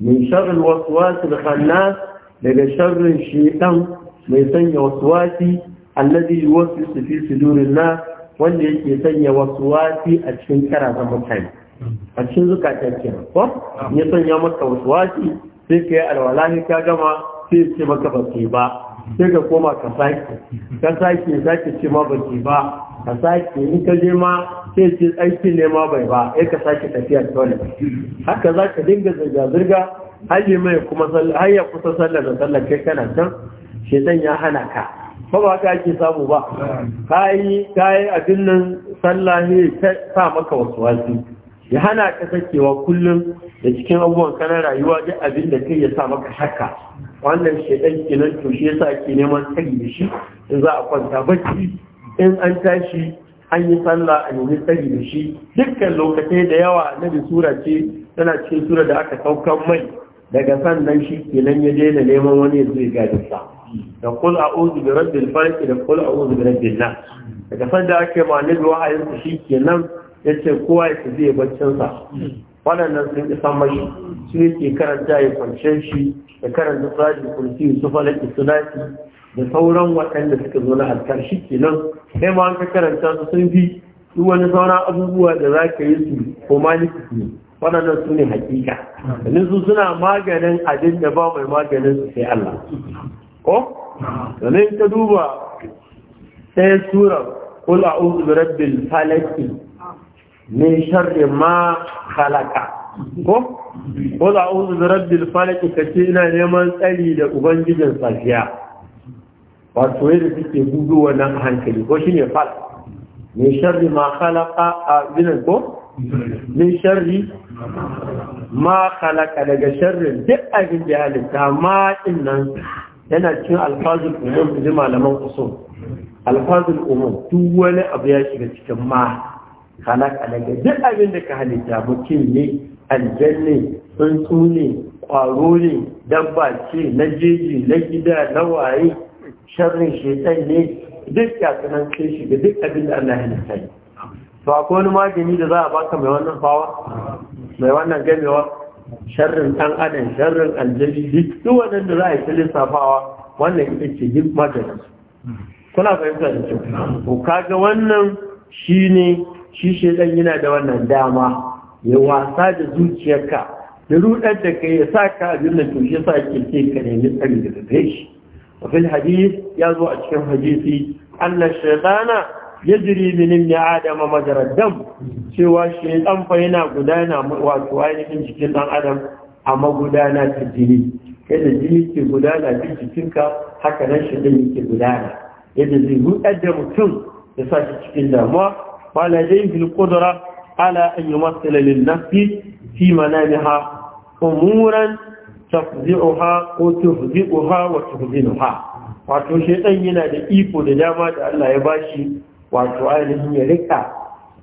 min sharrin wasu khannas daga sharrin shedan mai sanya wasuwasi allazi yuwaswisu fi sudurin nas wanda yake sanya wasuwasi a cikin karazan mutane a cikin zukatan kenan ko ya sanya maka wasuwasi sai ka yi alwala ka gama sai ce maka ba ba sai ka koma ka sake ka sake sake ce ma ba ba ka sake in ka je ma sai ce aiki ne ma bai ba ya ka sake tafiya wani haka za ka dinga zirga zirga hayi mai kuma har kusa sallar da sallar kai kana can shedan ya hana ka ba ba ka ake samu ba kayi kayi abin nan sallah ne ta sa maka wasu wasu ya hana ka sakewa kullum da cikin abubuwan kanan rayuwa duk abin da kai ya sa maka haka wannan shaidan kenan to shi yasa ke neman tsari da shi in za a kwanta bacci in an tashi an yi sallah a nemi tsari da shi dukkan lokacin da yawa na sura ce tana cikin sura da aka saukan mai daga sannan shi kenan ya daina neman wani ya zai gadi sa da kul a'udhu bi rabbil falaq da kul a'udhu bi rabbin nas daga sanda ake ma nabi wahayin shi kenan Yace kowa ya tafi baccinsa waɗannan sun isa mashi ne ke karanta ya kwance shi da karanta tsaji kursi su falaki su da sauran waɗanda suka zo na halkar shi kenan sai ma an ka karanta su sun fi duk wani sauran abubuwa da za ka yi su ko ne waɗannan su ne hakika domin su suna maganin abin da ba mai maganin su sai Allah ko domin ka duba sai sura kul a'udhu bi rabbil falaki min sharri ma khalaqa ko ko da a'udhu bi rabbil falaq kace ina neman tsari da ubangijin safiya wato yadda suke gudu wannan hankali ko shi ne fal min sharri ma khalaqa a binan ko min sharri ma khalaqa daga sharrin duk abin da halitta ma nan yana cin alfazul umum da malaman usul alfazul umum duk wani abu ya shiga cikin ma halak alaga duk abin da ka halitta mutum ne aljanne tsuntsu ne ƙwaro ne dabba ce na jeji na gida na waye sharrin shetan ne duk ya sanan sai shiga duk abin da Allah halitta ne to akwai wani magani da za a baka mai wannan fawa mai wannan gamewa sharrin ɗan adam sharrin aljabi duk wannan da za a yi ta safawa, wannan ita ce duk magani kuna fahimta da kyau ko kaga wannan shine shi shaidan yana da wannan dama ya wasa da zuciyarka da rudar da kai ya sa ka abin da to sa ke ce ka nemi tsari daga gare shi a fil hadith ya zo a cikin hadisi Allah shaytana yajri ya ibn adam Adama dam cewa shaytan fa yana gudana wato ainihin jikin dan adam a magudana ta jini yadda jini ke gudana ta jikinka haka nan shaytan yake gudana yadda zai rudar da mutum ya sa shi cikin damuwa ولديه القدرة على أن يمثل للنفس umuran منامها أمورا تفزعها وتفزئها وتفزنها wato shaitan yana da iko da dama da Allah ya bashi wato ainihin ya rika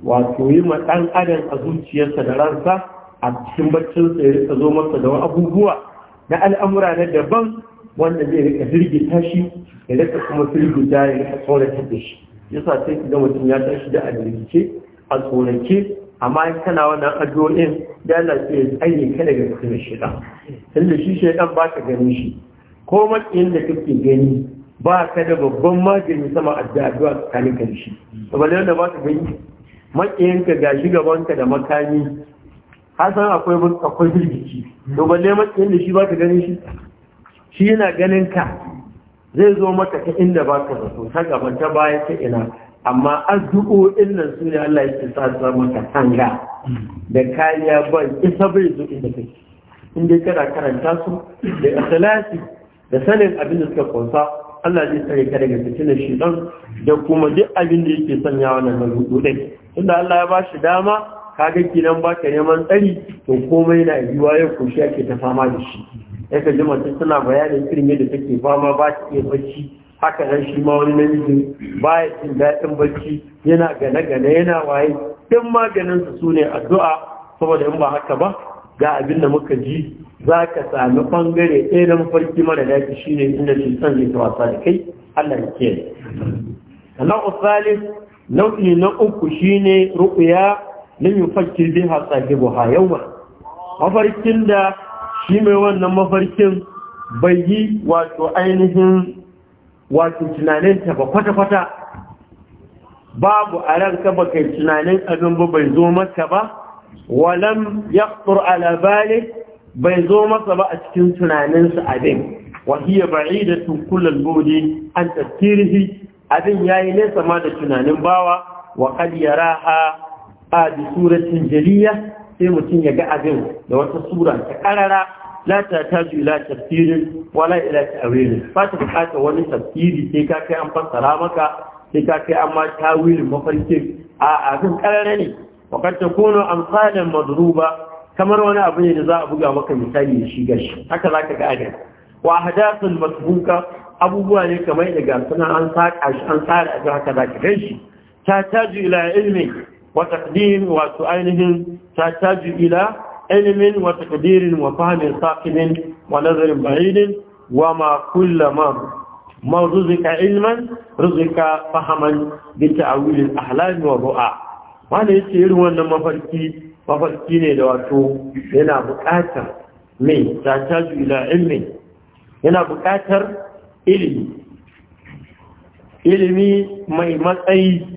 wato yi ma ɗan adam a zuciyarsa da ransa a cikin baccinsa ya rika zo masa da abubuwa na al'amura na daban wanda zai rika jirgin shi ya rika kuma firgita ya rika tsoratar da shi yasa sai ki ga mutum ya tashi da alirce a tsorace amma in kana wannan addu'o'in da Allah sai ya tsaye ka daga cikin shida tunda shi shaidan ba ka gani shi ko matsayin da kake gani ba ka da babban magani sama addu'a tsakanin ka shi da yadda ba ka gani matsayin ka gashi gaban ka da makami hasan akwai akwai birgici to balle matsayin da shi ba ka gani shi shi yana ganin ka zai zo maka ta inda ba ka zato ta gaba ta baya ta ina amma addu'o'in nan su ne Allah yake sa sa maka tanga da kariya ba isa bai zo inda ke. in dai kana karanta su da ikhlasi da sanin abin da suka kunsa Allah zai tsare ka daga shi shedan da kuma duk abin da yake sanya wannan marudu din tunda Allah ya ba shi dama kaga kinan baka neman tsari to komai na yiwa ya kushi ake ta fama da shi yakan kalli mace suna bayanin irin yadda take fama ba ta iya bacci haka nan shi ma wani namiji ba ya cin daɗin bacci yana gane-gane yana waye duk maganinsa su ne addu'a saboda in ba haka ba ga abin da muka ji za ka sami ɓangare ɗaya na mafarki mara daɗi shi ne inda san zai wasa da kai allah ya ke sannan usali nau'i na uku shi ne ruƙuya lam yufakkir biha yau yau mafarkin da shi mai wannan mafarkin bai yi wato ainihin wato tunaninta ba kwata-kwata babu a ranka ba kai tunanin abin ba bai zo maka ba walam ya a labari bai zo masa ba a cikin tunaninsa abin wahiyar bari da tunkulan gode an tafkirihi abin ya yi nesa ma da tunanin bawa wa ƙaryara a a da jariya sai mutum ya ga abin da wata sura ta karara la ta taju ila tafsirin wala ila ta'wili ba ta bukata wani tafsiri sai ka kai an fassara maka sai ka kai an ma tawilin mafarkin a abin karara ne wa kad takunu amsalan madruba kamar wani abu ne da za a buga maka misali ya shiga shi haka za ka ga abin wa hadathul masbuka abubuwa ne kamar da ga sunan an saka shi an tsara abin haka za ka ta taju ila wa taqdim ainihin tahtaju ila ilmin wa taqdirin wa fahmin saqimin wa nazarin ba'idin wa ma kullama ma ruzika ilman ruzika fahaman bi ta'awil al-ahlam wa ru'a wanda yace irin wannan mafarki mafarki ne da wato yana buƙatar yana buƙatar ilimi ilimi mai matsayi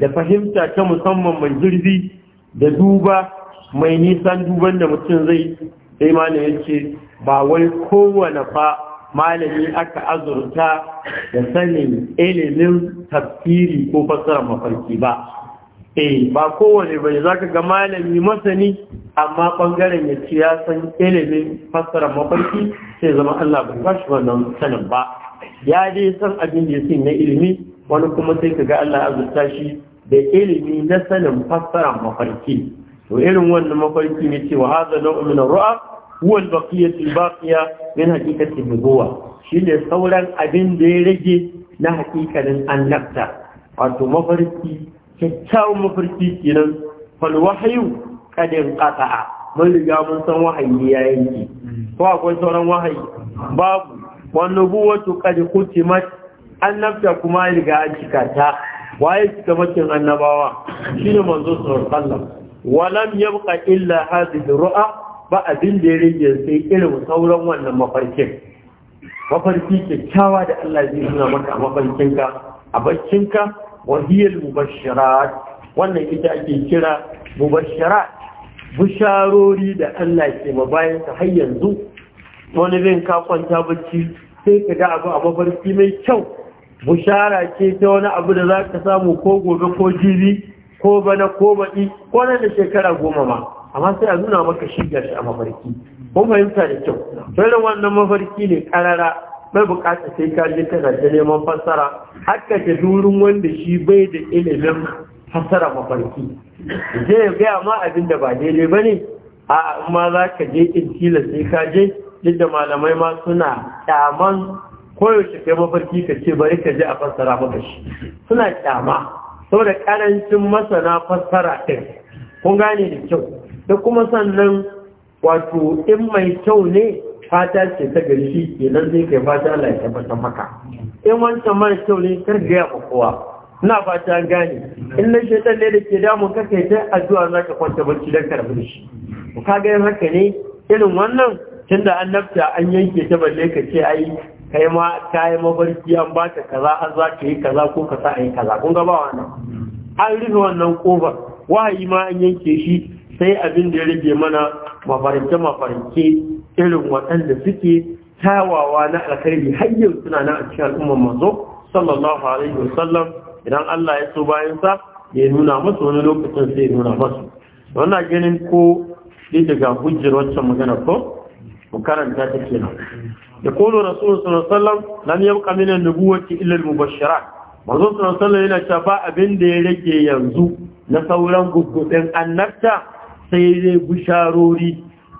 da fahimta ta musamman mai zurfi da duba mai nisan duban da mutum zai sai malam yake ba wai kowane fa malami aka azurta da sanin ilimin tafsiri ko fassara mafarki ba eh ba kowane bai zaka ga malami masani amma bangaren ya ce ya san ilimin fassara mafarki sai zama Allah bai bashi wannan sanin ba ya dai san abin da ya na ilimi wani kuma sai ka ga Allah azurta shi da ilimi na sanin fassara mafarki to irin wannan mafarki ne cewa hadha nau'u min ar-ru'a huwa al-baqiyatu al-baqiya min haqiqati nubuwa shine sauran abin da ya rage na hakikalin annabta wato mafarki kyakkyawan mafarki kenan fal wahyu kadin qata'a mun riga mun san wahayi ya yanke ko akwai sauran wahayi babu wannan buwatu kadi kutimat annabta kuma riga an cika ta waye cika makin annabawa shine manzo sallallahu walam yabqa illa hadhihi ru'a ba abin da ya rage sai irin sauran wannan mafarkin mafarki kyakkyawa da Allah zai nuna maka a mafarkinka a ka? wahiyar mubashirat wannan ita ake kira mubashirat bisharori da Allah ke ma ta har yanzu wani zai ka kwanta bacci sai ka ga abu a mafarki mai kyau bushara ce ta wani abu da za ka samu ko gobe ko jibi ko bana ko baɗi ko nan da shekara goma ma amma sai a nuna maka shi gashi a mafarki ko fahimta da kyau irin wannan mafarki ne karara bai bukata sai ka je kana da neman fassara haka ta durin wanda shi bai da ilimin fassara mafarki je ya gaya ma abin da ba daidai ba ne a amma za ka je in tila sai ka je duk da malamai ma suna kyaman koyaushe kai mafarki ka ce bari ka je a fassara maka shi suna kyama saboda karancin masana fassara ɗin kun gane da kyau da kuma sannan wato in mai kyau ne fata ce ta gari shi kenan zai kai fata Allah ya tabbatar maka in wancan mara kyau ne kar gaya ma kowa ina fata an gane in na shaitan ne da ke damun kakai ta addu'a za ka kwanta barci don karɓi da shi ka ga haka ne irin wannan tunda an nafta an yanke ta balle ka ce ai kai ma yi mafarki an ba ta kaza an za ka yi kaza ko ka sa a yi kaza kun ga ba nan. an rufe wannan kofar wahayi ma an yanke shi sai abin da ya rage mana mafarince mafarince irin waɗanda suke tawawa na alkhairi har yau suna nan a cikin al'ummar manzo sallallahu alaihi wasallam idan Allah ya so bayan sa ya nuna masa wani lokacin sai ya nuna masa wannan ganin ko dai daga hujjar wancan magana ko karanta ta nan. da kolo rasul sallallahu alaihi wasallam nan yabqa min an-nubuwati illa al-mubashshirat sallallahu yana cewa ba abin da ya rage yanzu na sauran gugudin annabta sai dai bisharori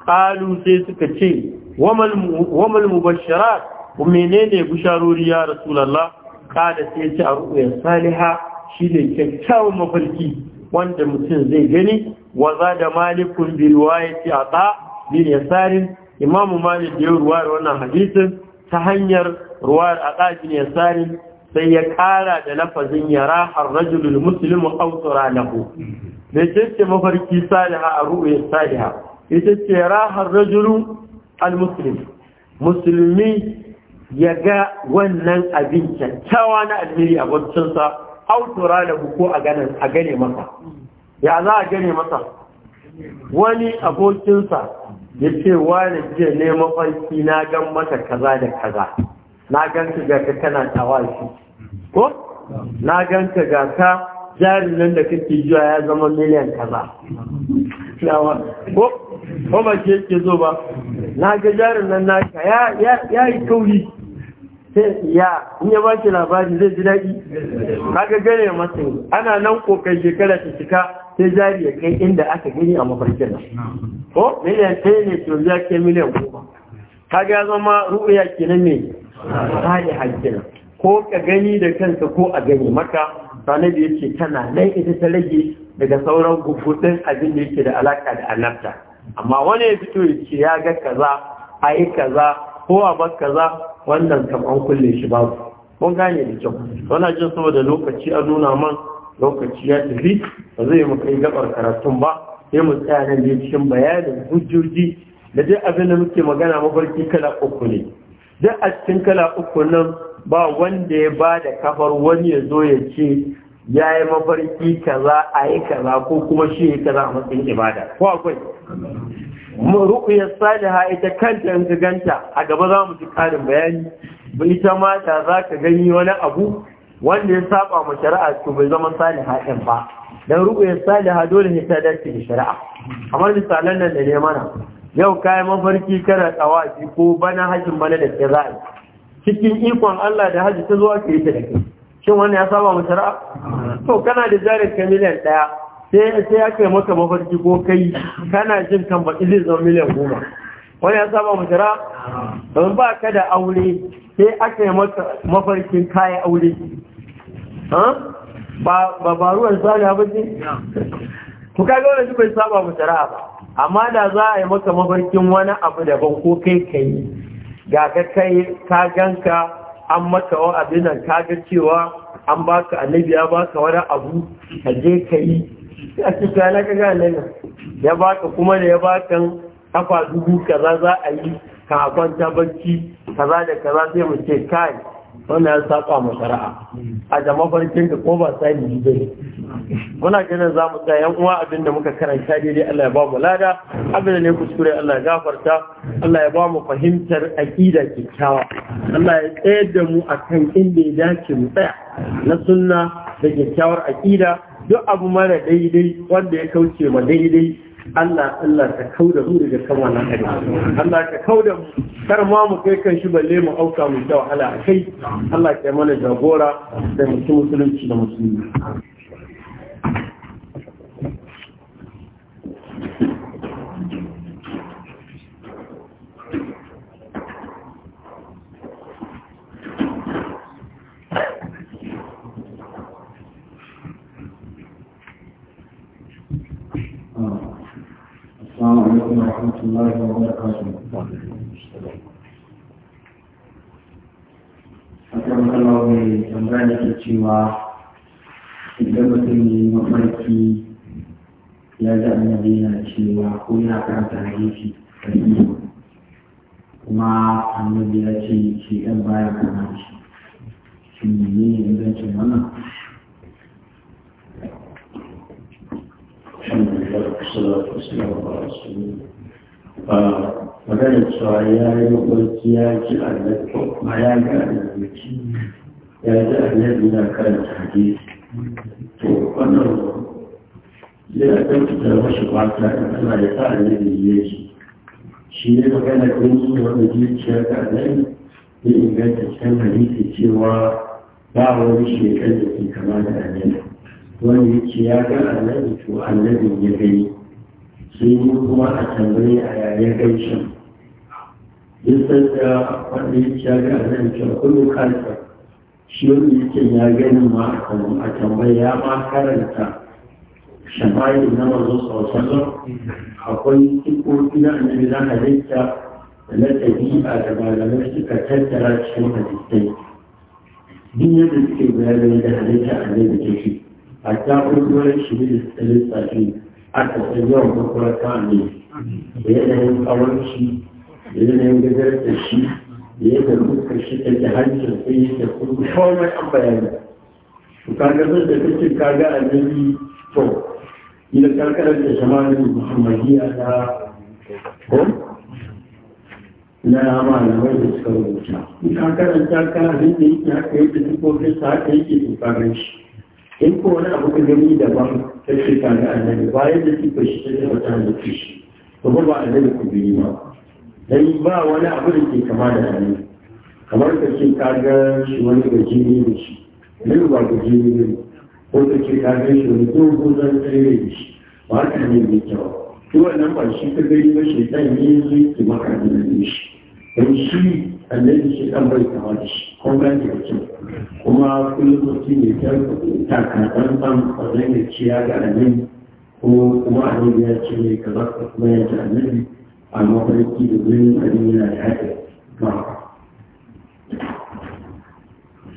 qalu sai suka ce wamal wamal Ku menene bisharori ya rasulullah kada sai ce a ya saliha shine kyakkyawan mafarki wanda mutum zai gani wa za da malikun bi riwayati ata bin yasarin imam malik da ya da wannan hadisin ta hanyar ruwayar aqajin yasari sai ya kara da lafazin yara ar-rajulul muslimu aw tura lahu da ce mafarki saliha a ru'ya saliha ita ce yara ar-rajulu al-muslim musulmi ya ga wannan abin kyakkyawa na alheri a baccinsa aw tura lahu ko a gane masa ya za a gane masa wani abokinsa ya ce wani jiya ne mafarki na gan mata kaza da kaza na gan ka ga kana tawashi ko na gan ka ga ka jarin nan da kake jiya ya zama miliyan kaza ko ko ba ke yake zo ba na ga jarin nan naka ya yi kauri sai ya in ya ba shi labari zai ji daɗi ga gane masa ana nan kokai shekara ta cika sai jari ya kai inda aka gani a mafarkin nan ko miliyan ɗaya ne to ya kai miliyan goma ka ga zama ru'uya na mai yi hakina ko ka gani da kanka ko a gani maka da yake tana nan ita ta rage daga sauran gubudin abin da yake da alaka da annabta amma wani ya fito ya ce ya ga kaza a yi kaza ko a bar kaza wannan kam an kulle shi babu kun gane da kyau wannan jin saboda lokaci a nuna man lokaci ya tafi ba zai mu kai gabar karatun ba sai mu tsaya nan ne cikin bayanin hujjoji da duk abin da muke magana mafarki kala uku ne duk a cikin kala uku nan ba wanda ya ba da kafar wani ya zo ya ce ya yi mafarki kaza a yi kaza ko kuma shi ya yi kaza a matsayin ibada ko akwai Sani saliha ita kanta in ka ganta a gaba za mu ji karin bayani ita ma da za ka gani wani abu wanda ya saba ma shari'a to bai zama saliha din ba dan ya saliha dole ne ta dace da shari'a kamar misalan nan da ne mana yau kai mafarki kana tsawaki ko bana hajin bana da ke cikin ikon Allah da haji ta zuwa ke yi da kai shin wannan ya saba ma shari'a to kana da jarin ka miliyan ɗaya sai sai ya kai maka mafarki ko kai kana jin kan ba zai zama miliyan goma wani ya saba mutura don ba ka da aure sai aka yi mafarkin kayan aure ba ba ruwan sariya ba ce ku kaga wani bai saba mutura ba amma da za a yi maka mafarkin wani abu daban ko kai kai ga ka kai ka ganka an maka wa abin kaga cewa an baka annabi ya baka wani abu ka je ka yi a cikin ka ga annabi ya baka kuma da ya bakan kafa dubu kaza za a yi ka kwanta bacci kaza da kaza sai mu ce kai wannan ya saba mu shari'a a da mafarkin da ko ba sani dai muna ganin za mu tsaya uwa abin da muka karanta daidai Allah ya ba mu lada abin ne kuskure Allah ya gafarta Allah ya ba mu fahimtar aqida kyakkyawa Allah ya tsayar da mu akan inda ya dace mu tsaya na sunna da kyakkyawar aqida duk abu mara daidai wanda ya kauce ma daidai Allah Allah ka kauda mu daga kan wannan abu Allah ka kauda mu kar ma mu kai kan shi balle mu auka mu da wahala a kai Allah ka mana jagora da mutum musulunci da musulmi السلام عليكم ورحمة الله وبركاته akwai matsalar mai tambaya da ke cewa idan mutum yi mafarki ya ji annabi yana cewa ko yana karanta hadisi sahihi kuma annabi ya ce baya kama shi shi الله magana cewa ya yi mafarki ya ji annabi ma ya ga annabi ya ji annabi na karanta hadisi to wannan zai a ɗan fitar mashi fata in ana ya sa annabi ya ji shi ne magana ɗin su wanda zuciya ga annabi ya inganta cikin hadisi cewa ba wani shekar da ke kama da annabi wanda ya ce ya ga annabi to annabi ya gani sai ni kuma a tambaye a yayin gaishen duk sanda wanda ya ce ya ga annabi to kullu kansa shi wanda ya ce ya gani ma a tambaye ya ma karanta shamari na mazo sausallar akwai cikoki na annabi na halitta da na tabi'a da malamai suka tattara cikin hadisai duk yadda suke bayanin da halitta annabi take hatta kurkurar shi a kasar yawan kurkurar kame da yanayin da yanayin shi da yadda shi ta hancin sai da kuma an bayani kaga da kaga to muhammadiyya na ko na malamai da suka rubuta in ka karanta ka da yake haka yake duk ko ta sa yake to shi in ko wani abu ka gani daban ta ce ka ga annabi bayan da sifa shi ta zama ta halittu shi to ba annabi ku biyu ba dan ba wani abu da ke kama da annabi kamar ka ce ka ga shi wani gajeri ne shi nan ba gajeri ne ko ka ce ka ga shi wani dogon zan tsere da shi ba ka ne mai kyau to wannan ba shi ka gani ba shi dan ne zai ki maka da shi dan shi annabi shi dan bai kama da shi ko gani da kyau kuma kullum mutum ya kyar takatar ban wajen ya ciya ga annabi ko kuma annabi ya ce mai ka baka kuma ya ji annabi a mafarki da wurin abin yana da haɗe ba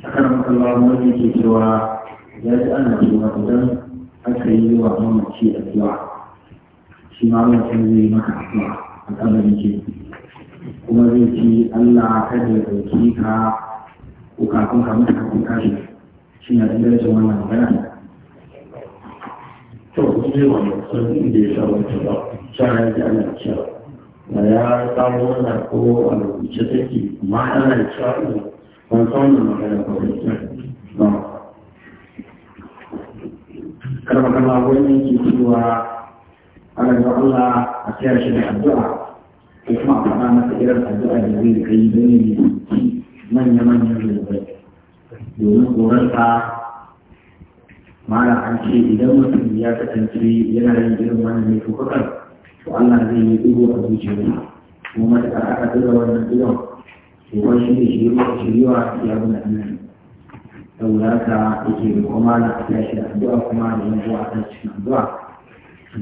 a kan makallawa wani ke cewa ya ji ana cewa idan aka yi wa mamaci addu'a shi ma mutum zai maka addu'a a kabarin ke kuma zai ci Allah kada ya ɗauki ka 我打工他们打工赚钱，现在应该做买卖，买人。做工资工作，所以工资收入不多，将来将来吃。我也打工在做，而且自己买下来吃，我当然没有考虑了。哦，卡拉卡拉温泉去玩，阿拉叫阿拉阿姐去唱歌，去嘛卡拉卡拉去唱歌，哎，我也可以的呢。manya-manyan zunubai domin tsoronka mara an ce idan mutum ya kasance yana yin girin wani mai kukukan to Allah zai yi duhu a zuciyarsa kuma matuƙar aka tura wannan gidan to ba shi ne shi ruwa shiriwa ya guna annan saboda haka yake da kuma na a tashi da addu'a kuma da yin zuwa a kan cikin addu'a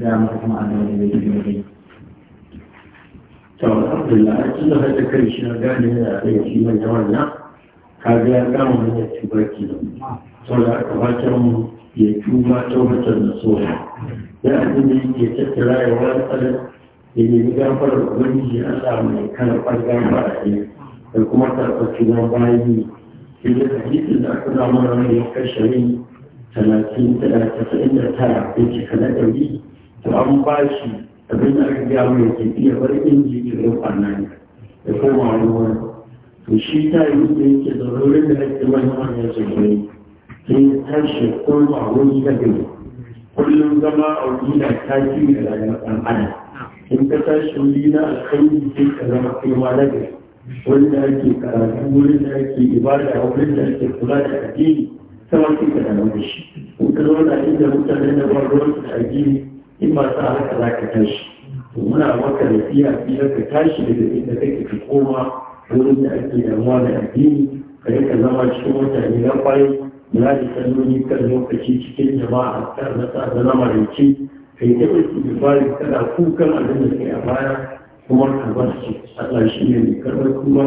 da mutum kuma da ne zai yi to alhamdulillah a cikin har kai shi na gane yana da shi mai yawan na ka ga ya kama hanyar tubarki saboda aka mu ya tuba taubatar da tsoron ya abin da yake tattara ya wani tsarin ya nemi gafarar ya allah mai karfar gafara ne da kuma karfar tuban bayi sai da hadisin da aka zama ranar ya kashe rai talatin da tasa'in da tara da ke kana ɗari to an ba shi abin da aka gaya mai ke iya bar inji da zai kwana ne da koma wani wani to shi ta yi da yake da raurin da ake mai hanyar shekaru sai tashi koma wani da gani kullum zama a wani da taki da rayuwar ɗan adam in ka tashi wuri na alkhairi sai ka zama kaiwa na gari Wani da ake karatu wani da ake ibada wani da ake kula da addini sama sai ka damu da shi in ka zauna inda mutane da ba ruwan da addini in ba sa haka za ka tashi to muna maka da iya fiye ka tashi daga inda kake ka koma wurin da ake damuwa da addini ka rika zama cikin mutane na kwarai za ka kalloni kan lokaci cikin jama'a kan nasa da zama rinci kai ta wasu dubari kana kukan abin da kai a baya kuma ka bar su Allah shi ne mai karɓar kuma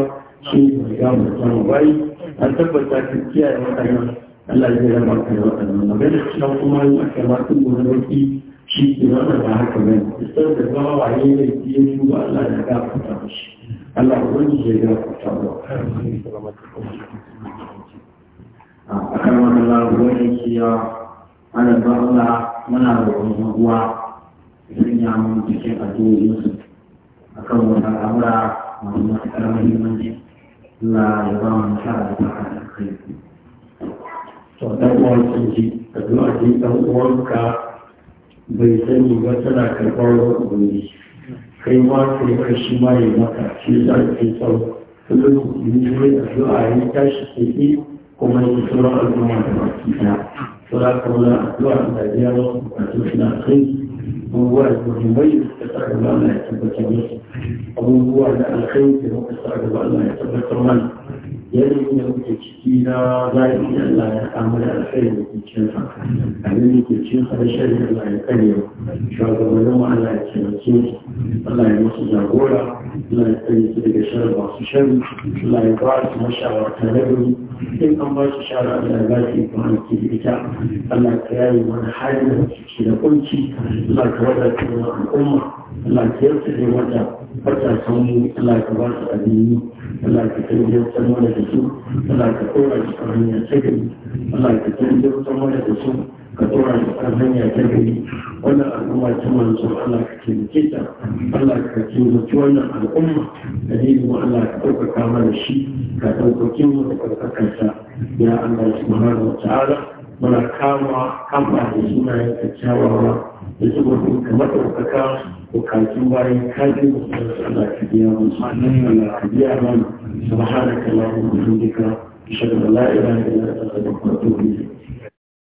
shi ne mai gama da samun bayi an tabbata ka kiyaye waɗannan Allah ya rama ka da waɗannan magana cewa kuma yi aka ma tun gobe shi ke wannan da haka mai isar da zama waye ne ya tuba Allah ya gafarta mishi Allah ya wani ya gafarta mu a kan wannan labarin yake ya ana ba Allah muna da wani uwa sun ya mun cikin addu'o'in su akan wata al'amura masu matuƙar muhimmanci Allah ya ba mu nasara da baka kai to dan uwan sun ji addu'a ji dan uwanka bai sani ba tana karɓar wani kai ma kai kai shi ma yi maka shi za ka yi tsaro kullum musulmi ne a zo a yi tashi ta yi kuma ya sauran al'umma da baki ɗaya sura kawai addu'a da biya wasu bukatu suna kai abubuwa da kuma mai da sa gaba Allah ya tabbatar musu abubuwa da alkhairi da muka sa gaba Allah ya tabbatar mana yanayin da muke ciki na zafi da Allah ya kama da alkhairi da cikin sa abin da ke cikin sa da shari'a Allah ya kare shugabannin mu Allah ya taimake su Allah ya musu jagora Allah ya kare su daga ba su sharri Allah ya ba su mashawarta na in an ba su shara Allah ya ba su ikon da ita Allah ka yaye mana hali da ciki da kunci Allah ka wadata mana al'umma Allah ka yarda da wadata fata san mu Allah ka ba su abin yi Allah ka tarbiyyar da da su Allah ka ɗora shi a hanya ta gari Allah ka tarbiyyar mana da su ka ɗora shi a hanya ta gari wannan al'umma ta manzo Allah ka taimake ta Allah ka wannan al'umma da mu Allah ka ɗaukaka mana shi ka mu da ɗaukakarsa ya Allah subhanahu wa ta'ala muna kama da sunayen kyakkyawawa da su ba su kamar ɗaukaka bukatun bayan kaji su Allah ka biya mu Allah ka biya mu subhanaka Allahumma wa bihamdika ashhadu an la ilaha illa anta astaghfiruka da atubu ilayk